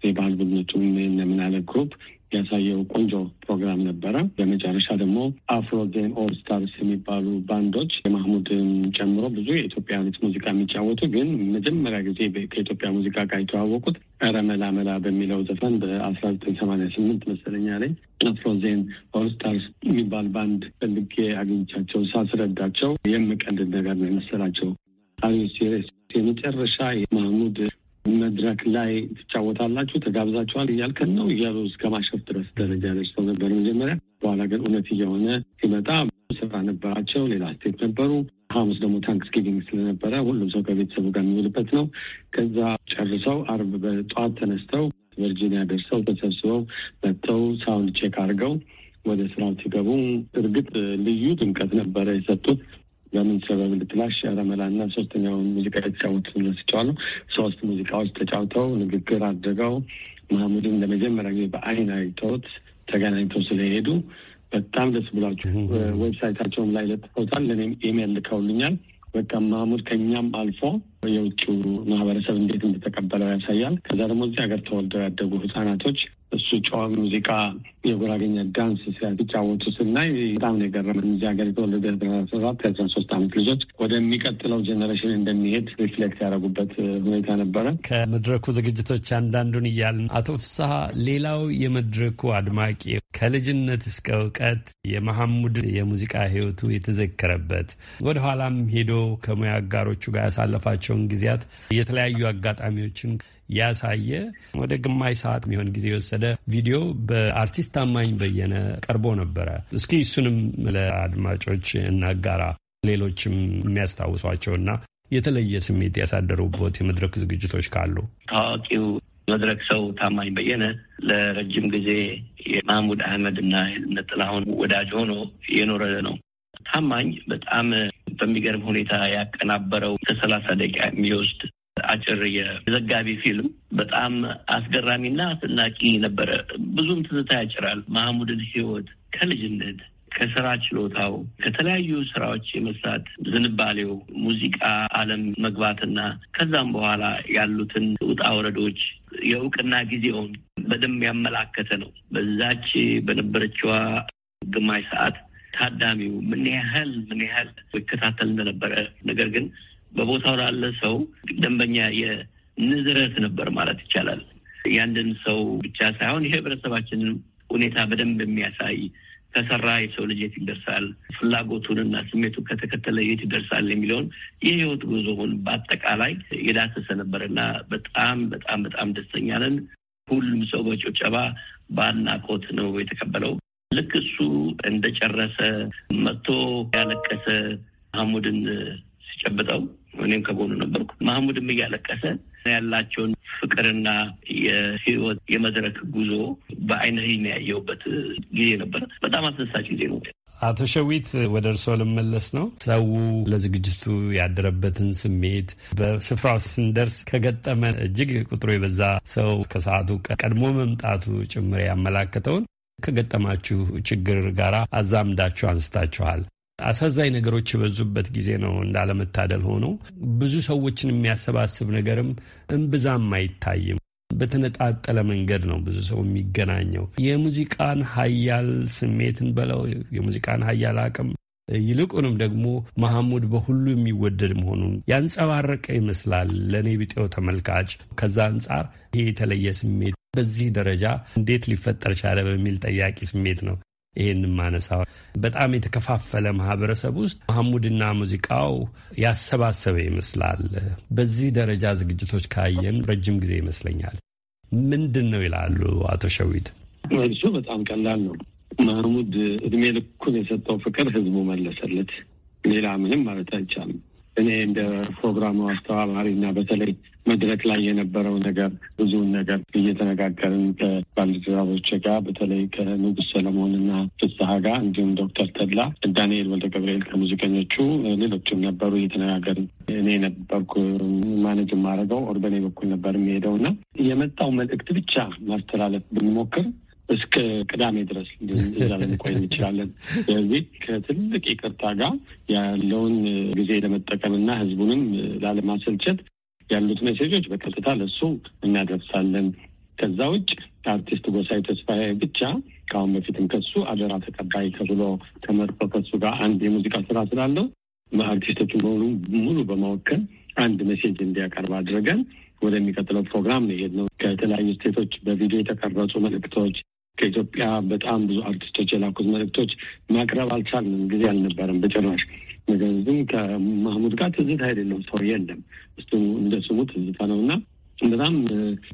የባህል ቡድኖቹም ምናለ ግሩፕ ያሳየው ቆንጆ ፕሮግራም ነበረ። በመጨረሻ ደግሞ አፍሮ ዜን ኦል ስታርስ የሚባሉ ባንዶች የማህሙድን ጨምሮ ብዙ የኢትዮጵያ ሙዚቃ የሚጫወቱ ግን መጀመሪያ ጊዜ ከኢትዮጵያ ሙዚቃ ጋር የተዋወቁት እረ መላ መላ በሚለው ዘፈን በአስራ ዘጠኝ ሰማንያ ስምንት መሰለኛ ላይ አፍሮዜን ኦልስታርስ የሚባል ባንድ ፈልጌ አግኝቻቸው ሳስረዳቸው የምቀልድ ነገር ነው የመሰላቸው። አሪስ የመጨረሻ የማህሙድ መድረክ ላይ ትጫወታላችሁ ተጋብዛችኋል እያልከን ነው እያሉ እስከ ማሸፍ ድረስ ደረጃ ደርሰው ነበር መጀመሪያ። በኋላ ግን እውነት እየሆነ ሲመጣ ስራ ነበራቸው፣ ሌላ ስቴት ነበሩ። ሐሙስ ደግሞ ታንክስጊቪንግ ስለነበረ ሁሉም ሰው ከቤተሰቡ ጋር የሚውልበት ነው። ከዛ ጨርሰው አርብ በጠዋት ተነስተው ቨርጂኒያ ደርሰው ተሰብስበው መጥተው ሳውንድ ቼክ አድርገው ወደ ስራው ሲገቡ እርግጥ ልዩ ድምቀት ነበረ የሰጡት። በምን ሰበብ ልትላሽ ረመላና ሶስተኛውን ሙዚቃ የተጫወቱት ረስቸዋለሁ። ሶስት ሙዚቃዎች ተጫውተው ንግግር አድርገው መሐሙድን ለመጀመሪያ ጊዜ በአይን አይተውት ተገናኝተው ስለሄዱ በጣም ደስ ብሏችሁ ዌብሳይታቸውም ላይ ለጥፈውታል። ለእኔም ኢሜል ልከውልኛል። በቃ ማህሙድ ከኛም አልፎ የውጭ ማህበረሰብ እንዴት እንደተቀበለው ያሳያል። ከዛ ደግሞ እዚህ ሀገር ተወልደው ያደጉ ህጻናቶች እሱ ጨዋ ሙዚቃ የጉራገኛ ዳንስ ሲጫወቱ ስናይ በጣም ነው የገረመን። እዚህ ሀገር የተወለደ ሰባት ከአስራ ሶስት አመት ልጆች ወደሚቀጥለው ጀኔሬሽን እንደሚሄድ ሪፍሌክት ያደረጉበት ሁኔታ ነበረ። ከመድረኩ ዝግጅቶች አንዳንዱን እያልን አቶ ፍስሀ፣ ሌላው የመድረኩ አድማቂ ከልጅነት እስከ እውቀት የመሐሙድ የሙዚቃ ህይወቱ የተዘከረበት ወደኋላም ሄዶ ከሙያ አጋሮቹ ጋር ያሳለፋቸውን ጊዜያት የተለያዩ አጋጣሚዎችን ያሳየ ወደ ግማሽ ሰዓት የሚሆን ጊዜ የወሰደ ቪዲዮ በአርቲስት ታማኝ በየነ ቀርቦ ነበረ። እስኪ እሱንም ለአድማጮች እናጋራ። ሌሎችም የሚያስታውሷቸውና የተለየ ስሜት ያሳደሩበት የመድረክ ዝግጅቶች ካሉ ታዋቂው መድረክ ሰው ታማኝ በየነ ለረጅም ጊዜ የማህሙድ አህመድ እና ነጥላሁን ወዳጅ ሆኖ የኖረ ነው። ታማኝ በጣም በሚገርም ሁኔታ ያቀናበረው ከሰላሳ ደቂቃ የሚወስድ አጭር የዘጋቢ ፊልም በጣም አስገራሚና አስናቂ ነበረ። ብዙም ትዝታ ያጭራል። ማህሙድን ህይወት ከልጅነት ከስራ ችሎታው ከተለያዩ ስራዎች የመስራት ዝንባሌው ሙዚቃ ዓለም መግባትና ከዛም በኋላ ያሉትን ውጣ ወረዶች የእውቅና ጊዜውን በደንብ ያመላከተ ነው። በዛች በነበረችዋ ግማሽ ሰዓት ታዳሚው ምን ያህል ምን ያህል ይከታተል እንደነበረ ነገር ግን በቦታው ላለ ሰው ደንበኛ የንዝረት ነበር ማለት ይቻላል። ያንድን ሰው ብቻ ሳይሆን የህብረተሰባችንን ሁኔታ በደንብ የሚያሳይ ከሰራ የሰው ልጅ የት ይደርሳል፣ ፍላጎቱንና ስሜቱ ከተከተለ የት ይደርሳል የሚለውን የህይወት ጉዞውን በአጠቃላይ የዳሰሰ ነበር እና በጣም በጣም በጣም ደስተኛ ነን። ሁሉም ሰው በጭብጨባ በአድናቆት ነው የተቀበለው። ልክ እሱ እንደጨረሰ መጥቶ ያለቀሰ ሀሙድን ስጨብጠው እኔም ከጎኑ ነበርኩ። ማህሙድም እያለቀሰ ያላቸውን ፍቅርና የህይወት የመድረክ ጉዞ በአይነ ህልም ጊዜ ነበር። በጣም አስደሳች ጊዜ ነው። አቶ ሸዊት ወደ እርስዎ ልመለስ ነው። ሰው ለዝግጅቱ ያደረበትን ስሜት በስፍራው ስንደርስ ከገጠመ እጅግ ቁጥሩ የበዛ ሰው ከሰዓቱ ቀድሞ መምጣቱ ጭምር ያመላከተውን ከገጠማችሁ ችግር ጋር አዛምዳችሁ አንስታችኋል። አሳዛኝ ነገሮች የበዙበት ጊዜ ነው። እንዳለመታደል ሆኖ ብዙ ሰዎችን የሚያሰባስብ ነገርም እምብዛም አይታይም። በተነጣጠለ መንገድ ነው ብዙ ሰው የሚገናኘው። የሙዚቃን ሀያል ስሜትን በለው የሙዚቃን ሀያል አቅም ይልቁንም ደግሞ መሐሙድ በሁሉ የሚወደድ መሆኑን ያንጸባረቀ ይመስላል ለእኔ ቢጤው ተመልካች። ከዛ አንጻር ይሄ የተለየ ስሜት በዚህ ደረጃ እንዴት ሊፈጠር ቻለ በሚል ጠያቂ ስሜት ነው ይህን ማነሳው በጣም የተከፋፈለ ማህበረሰብ ውስጥ መሐሙድና ሙዚቃው ያሰባሰበ ይመስላል። በዚህ ደረጃ ዝግጅቶች ካየን ረጅም ጊዜ ይመስለኛል። ምንድን ነው ይላሉ አቶ ሸዊት? መልሱ በጣም ቀላል ነው። መሐሙድ እድሜ ልኩን የሰጠው ፍቅር ህዝቡ መለሰለት። ሌላ ምንም ማለት አይቻልም። እኔ እንደ ፕሮግራሙ አስተባባሪ እና በተለይ መድረክ ላይ የነበረው ነገር ብዙውን ነገር እየተነጋገርን ከባልደረቦች ጋር በተለይ ከንጉስ ሰለሞን እና ፍስሀ ጋር እንዲሁም ዶክተር ተድላ ዳንኤል ወልደ ገብርኤል ከሙዚቀኞቹ ሌሎችም ነበሩ እየተነጋገርን እኔ ነበርኩ ማኔጅ ማድረገው ኦርበኔ በኩል ነበር የሚሄደው እና የመጣው መልእክት ብቻ ማስተላለፍ ብንሞክር እስከ ቅዳሜ ድረስ እዛ ልንቆይ እንችላለን። ስለዚህ ከትልቅ ይቅርታ ጋር ያለውን ጊዜ ለመጠቀምና ህዝቡንም ላለማሰልቸት ያሉት ሜሴጆች በቀጥታ ለሱ እናደርሳለን። ከዛ ውጭ ከአርቲስት ጎሳይ ተስፋዬ ብቻ ከአሁን በፊትም ከሱ አደራ ተቀባይ ተብሎ ተመርጦ ከሱ ጋር አንድ የሙዚቃ ስራ ስላለው አርቲስቶቹ በሙሉ ሙሉ በማወከል አንድ ሜሴጅ እንዲያቀርብ አድርገን ወደሚቀጥለው ፕሮግራም ነው የሄድነው። ከተለያዩ ስቴቶች በቪዲዮ የተቀረጹ መልእክቶች፣ ከኢትዮጵያ በጣም ብዙ አርቲስቶች የላኩት መልእክቶች ማቅረብ አልቻልንም። ጊዜ አልነበረም በጭራሽ። ነገር ግን ከማህሙድ ጋር ትዝታ አይደለም ሰው የለም። እሱ እንደ ስሙ ትዝታ ነው እና በጣም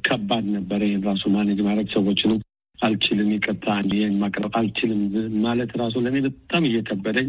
ከባድ ነበረ ይህን ራሱ ማኔጅ ማድረግ ሰዎችንም አልችልም፣ ይቅርታ ይህን ማቅረብ አልችልም ማለት ራሱ ለእኔ በጣም እየከበደኝ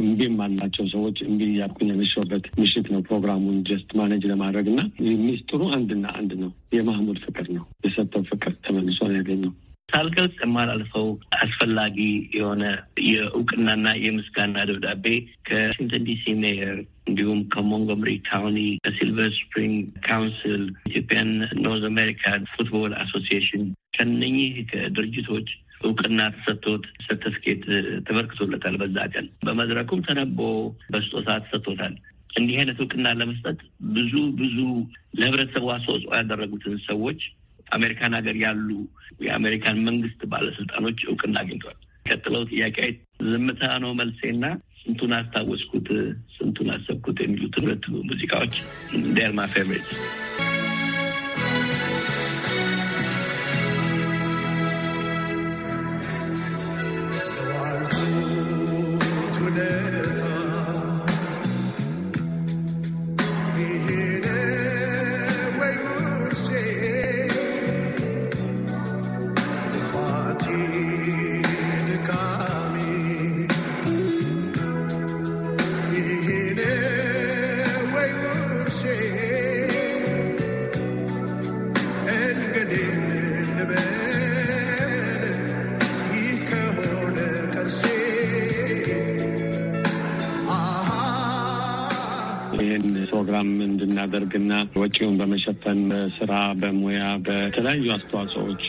እምቢም አላቸው ሰዎች እምቢ እያልኩኝ የመሸበት ምሽት ነው። ፕሮግራሙን ጀስት ማኔጅ ለማድረግ እና ሚስጥሩ አንድና አንድ ነው፣ የማህሙድ ፍቅር ነው። የሰጠው ፍቅር ተመልሶ ያገኘው ሳልገልጽ የማላልፈው አስፈላጊ የሆነ የእውቅናና የምስጋና ደብዳቤ ከዋሽንግተን ዲሲ ሜየር እንዲሁም ከሞንጎምሪ ካውኒ ከሲልቨር ስፕሪንግ ካውንስል፣ ኢትዮጵያን ኖርዝ አሜሪካ ፉትቦል አሶሲዬሽን ከነኚህ ድርጅቶች እውቅና ተሰጥቶት ሰርተፍኬት ተበርክቶለታል። በዛ ቀን በመድረኩም ተነቦ በስጦታ ተሰጥቶታል። እንዲህ አይነት እውቅና ለመስጠት ብዙ ብዙ ለህብረተሰቡ አስተዋጽኦ ያደረጉትን ሰዎች አሜሪካን ሀገር ያሉ የአሜሪካን መንግስት ባለስልጣኖች እውቅና አግኝቷል። ቀጥለው ጥያቄ ዝምታ ነው መልሴና ስንቱን አስታወስኩት፣ ስንቱን አሰብኩት የሚሉትን ሁለት ሙዚቃዎች ዴር ማይ ፌቨሪትስ በማድረግና ወጪውን በመሸፈን ስራ፣ በሙያ፣ በተለያዩ አስተዋጽኦዎች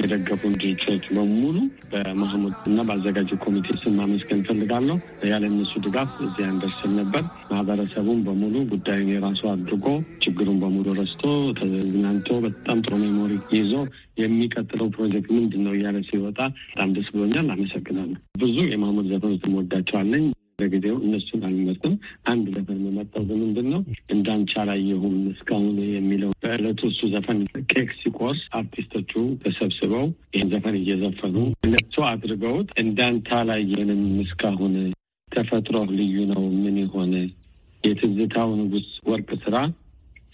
የደገፉን ድርጅቶች በሙሉ በማህሙድ እና በአዘጋጅ ኮሚቴ ስም ማመስገን ፈልጋለሁ። ያለ እነሱ ድጋፍ እዚያ እንደርስል ነበር። ማህበረሰቡን በሙሉ ጉዳዩን የራሱ አድርጎ ችግሩን በሙሉ ረስቶ ተዝናንቶ በጣም ጥሩ ሜሞሪ ይዞ የሚቀጥለው ፕሮጀክት ምንድን ነው እያለ ሲወጣ በጣም ደስ ብሎኛል። አመሰግናለሁ። ብዙ የማህሙድ ዘፈኖች እወዳቸዋለሁ። ለጊዜው እነሱን አልመርጥም። አንድ ዘፈን የመጣው በምንድን ነው እንዳንቺ አላየሁም እስካሁን የሚለው በዕለቱ እሱ ዘፈን ኬክ ሲቆርስ አርቲስቶቹ ተሰብስበው ይህን ዘፈን እየዘፈኑ እነሱ አድርገውት እንዳንተ አላየንም እስካሁን ተፈጥሮ ልዩ ነው ምን የሆነ የትዝታው ንጉስ ወርቅ ስራ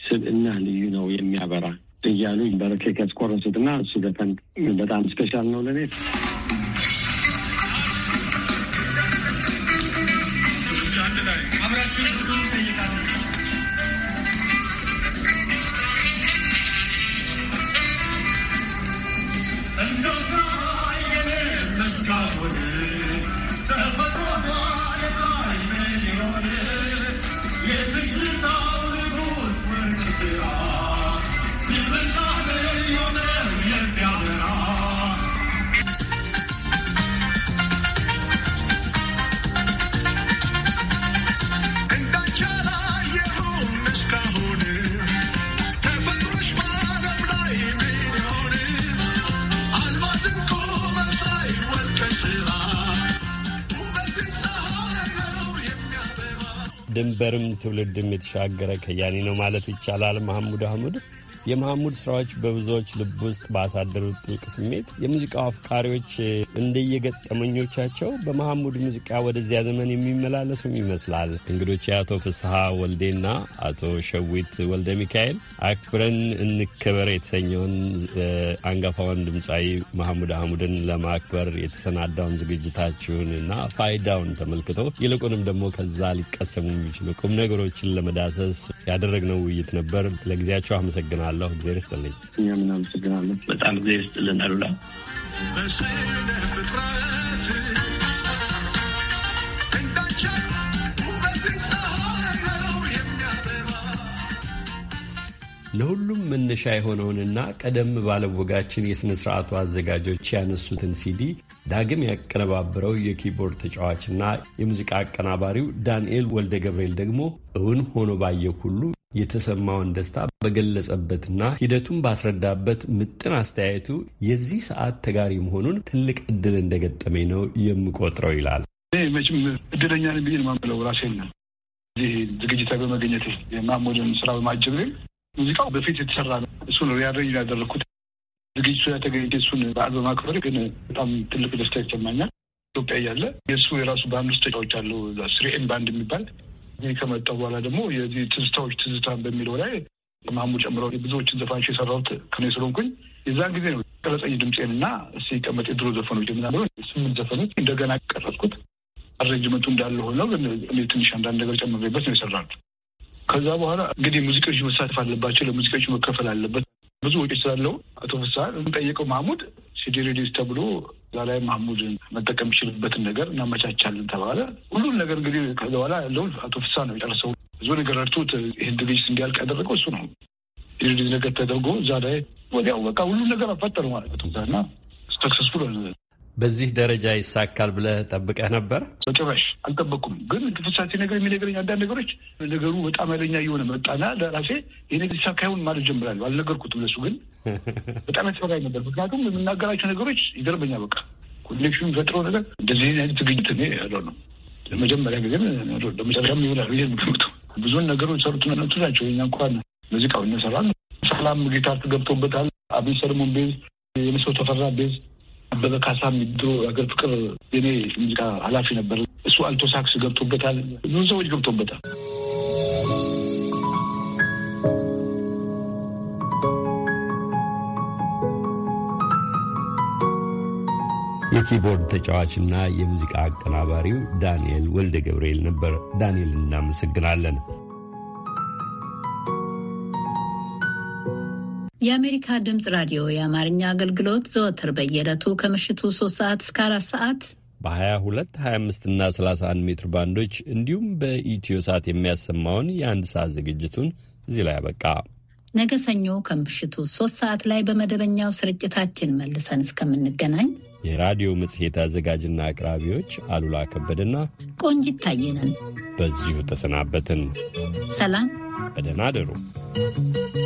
ስብእና ልዩ ነው የሚያበራ እያሉ በረኬክ ያስቆረሱትና እሱ ዘፈን በጣም ስፔሻል ነው ለኔ። ድንበርም ትውልድም የተሻገረ ከያኔ ነው ማለት ይቻላል። መሐሙድ አህመድ የመሐሙድ ስራዎች በብዙዎች ልብ ውስጥ ባሳደሩት ጥልቅ ስሜት የሙዚቃው አፍቃሪዎች እንደየገጠመኞቻቸው በመሐሙድ ሙዚቃ ወደዚያ ዘመን የሚመላለሱም ይመስላል። እንግዶች የአቶ ፍስሐ ወልዴና አቶ ሸዊት ወልደ ሚካኤል አክብረን እንከበር የተሰኘውን አንጋፋውን ድምፃዊ መሐሙድ አህሙድን ለማክበር የተሰናዳውን ዝግጅታችሁን እና ፋይዳውን ተመልክቶ ይልቁንም ደግሞ ከዛ ሊቀሰሙ የሚችሉ ቁም ነገሮችን ለመዳሰስ ያደረግነው ውይይት ነበር። ለጊዜያቸው አመሰግናል። አመሰግናለሁ። እግዜር ይስጥልኝ። እኛም እናመሰግናለን። በጣም እግዜር ይስጥልን አሉላ ለሁሉም መነሻ የሆነውንና ቀደም ባለወጋችን የሥነ ሥርዓቱ አዘጋጆች ያነሱትን ሲዲ ዳግም ያቀነባበረው የኪቦርድ ተጫዋችና የሙዚቃ አቀናባሪው ዳንኤል ወልደ ገብርኤል ደግሞ እውን ሆኖ ባየው ሁሉ የተሰማውን ደስታ በገለጸበትና ሂደቱን ባስረዳበት ምጥን አስተያየቱ የዚህ ሰዓት ተጋሪ መሆኑን ትልቅ እድል እንደገጠመኝ ነው የምቆጥረው ይላል። እኔ መቼም እድለኛ ነኝ ብዬ የማምለው ራሴን ነው። ይህ ዝግጅት በመገኘት የማሞደን ስራ በማጀብ ሙዚቃው በፊት የተሰራ ነው። እሱን ሪያሬንጅ ያደረግኩት ዝግጅቱ ላይ ተገኝቼ እሱን በዓል በማክበር ግን በጣም ትልቅ ደስታ ይሰማኛል። ኢትዮጵያ እያለ የእሱ የራሱ ባንድ ውስጥ ተጫዋቾች አሉ። ስሪኤም ባንድ የሚባል እዚህ ከመጣሁ በኋላ ደግሞ የዚህ ትዝታዎች ትዝታን በሚለው ላይ ማሙ ጨምሮ ብዙዎችን ዘፋኞች የሰራሁት ከኔ ስለሆንኩኝ የዛን ጊዜ ነው ቀረጸኝ ድምፄን እና ቀመጤ ድሮ ዘፈኖች ምናምን ስምንት ዘፈኖች እንደገና ቀረጽኩት። አሬንጅመንቱ እንዳለ ሆነው እኔ ትንሽ አንዳንድ ነገር ጨምሬበት ነው የሰራሁት። ከዛ በኋላ እንግዲህ ሙዚቀኞች መሳተፍ አለባቸው፣ ለሙዚቀኞች መከፈል አለበት። ብዙ ወጪ ስላለው አቶ ፍስሀ ጠየቀው። ማሙድ ሲዲ ሬዲስ ተብሎ እዛ ላይ ማህሙድ መጠቀም የሚችልበትን ነገር እናመቻቻለን ተባለ። ሁሉም ነገር እንግዲህ ከዛ በኋላ ያለውን አቶ ፍሳ ነው የጨረሰው። ብዙ ነገር ረድቶት ይህን ድርጅት እንዲያልቅ ያደረገው እሱ ነው። ድርጅት ነገር ተደርጎ እዛ ላይ ወዲያው በቃ ሁሉም ነገር አፈጠሩ ማለት ነው እና ሰክሰስፉል በዚህ ደረጃ ይሳካል ብለህ ጠብቀህ ነበር? በጭራሽ አልጠበቅኩም። ግን ፍሳሴ ነገር የሚነገረኝ አንዳንድ ነገሮች ነገሩ በጣም ኃይለኛ እየሆነ መጣና ለራሴ ይህ ነገር ይሳካ ይሆን ማለት ጀምራለሁ። አልነገርኩትም ለሱ፣ ግን በጣም ያስፈራኝ ነበር። ምክንያቱም የምናገራቸው ነገሮች ይገርመኛል። በቃ ኮኔክሽን ፈጥሮ ነገር እንደዚህ አይነት ዝግጅት እኔ ያለው ነው ለመጀመሪያ ጊዜ ለመጨረሻም ይሆናል ይህ ምክምቱ ብዙን ነገሮች ሰሩት ነቱ ናቸው። የኛ እንኳን ሙዚቃው እነሰራ ሰላም ጊታር ገብቶበታል። አብይ ሰለሞን ቤዝ፣ የመሰው ተፈራ ቤዝ አበበ ካሳ የሚድሮ ሀገር ፍቅር የኔ ሙዚቃ ኃላፊ ነበር። እሱ አልቶ ሳክስ ገብቶበታል። ብዙ ሰዎች ገብቶበታል። የኪቦርድ ተጫዋችና የሙዚቃ አቀናባሪው ዳንኤል ወልደ ገብርኤል ነበር። ዳንኤል እናመሰግናለን። የአሜሪካ ድምፅ ራዲዮ የአማርኛ አገልግሎት ዘወትር በየዕለቱ ከምሽቱ 3 ሰዓት እስከ 4 ሰዓት በ22፣ 25 እና 31 ሜትር ባንዶች እንዲሁም በኢትዮ ሰዓት የሚያሰማውን የአንድ ሰዓት ዝግጅቱን እዚህ ላይ አበቃ። ነገ ሰኞ ከምሽቱ 3 ሰዓት ላይ በመደበኛው ስርጭታችን መልሰን እስከምንገናኝ የራዲዮ መጽሔት አዘጋጅና አቅራቢዎች አሉላ ከበደና ቆንጅ ይታየንን በዚሁ ተሰናበትን። ሰላም፣ በደህና አደሩ።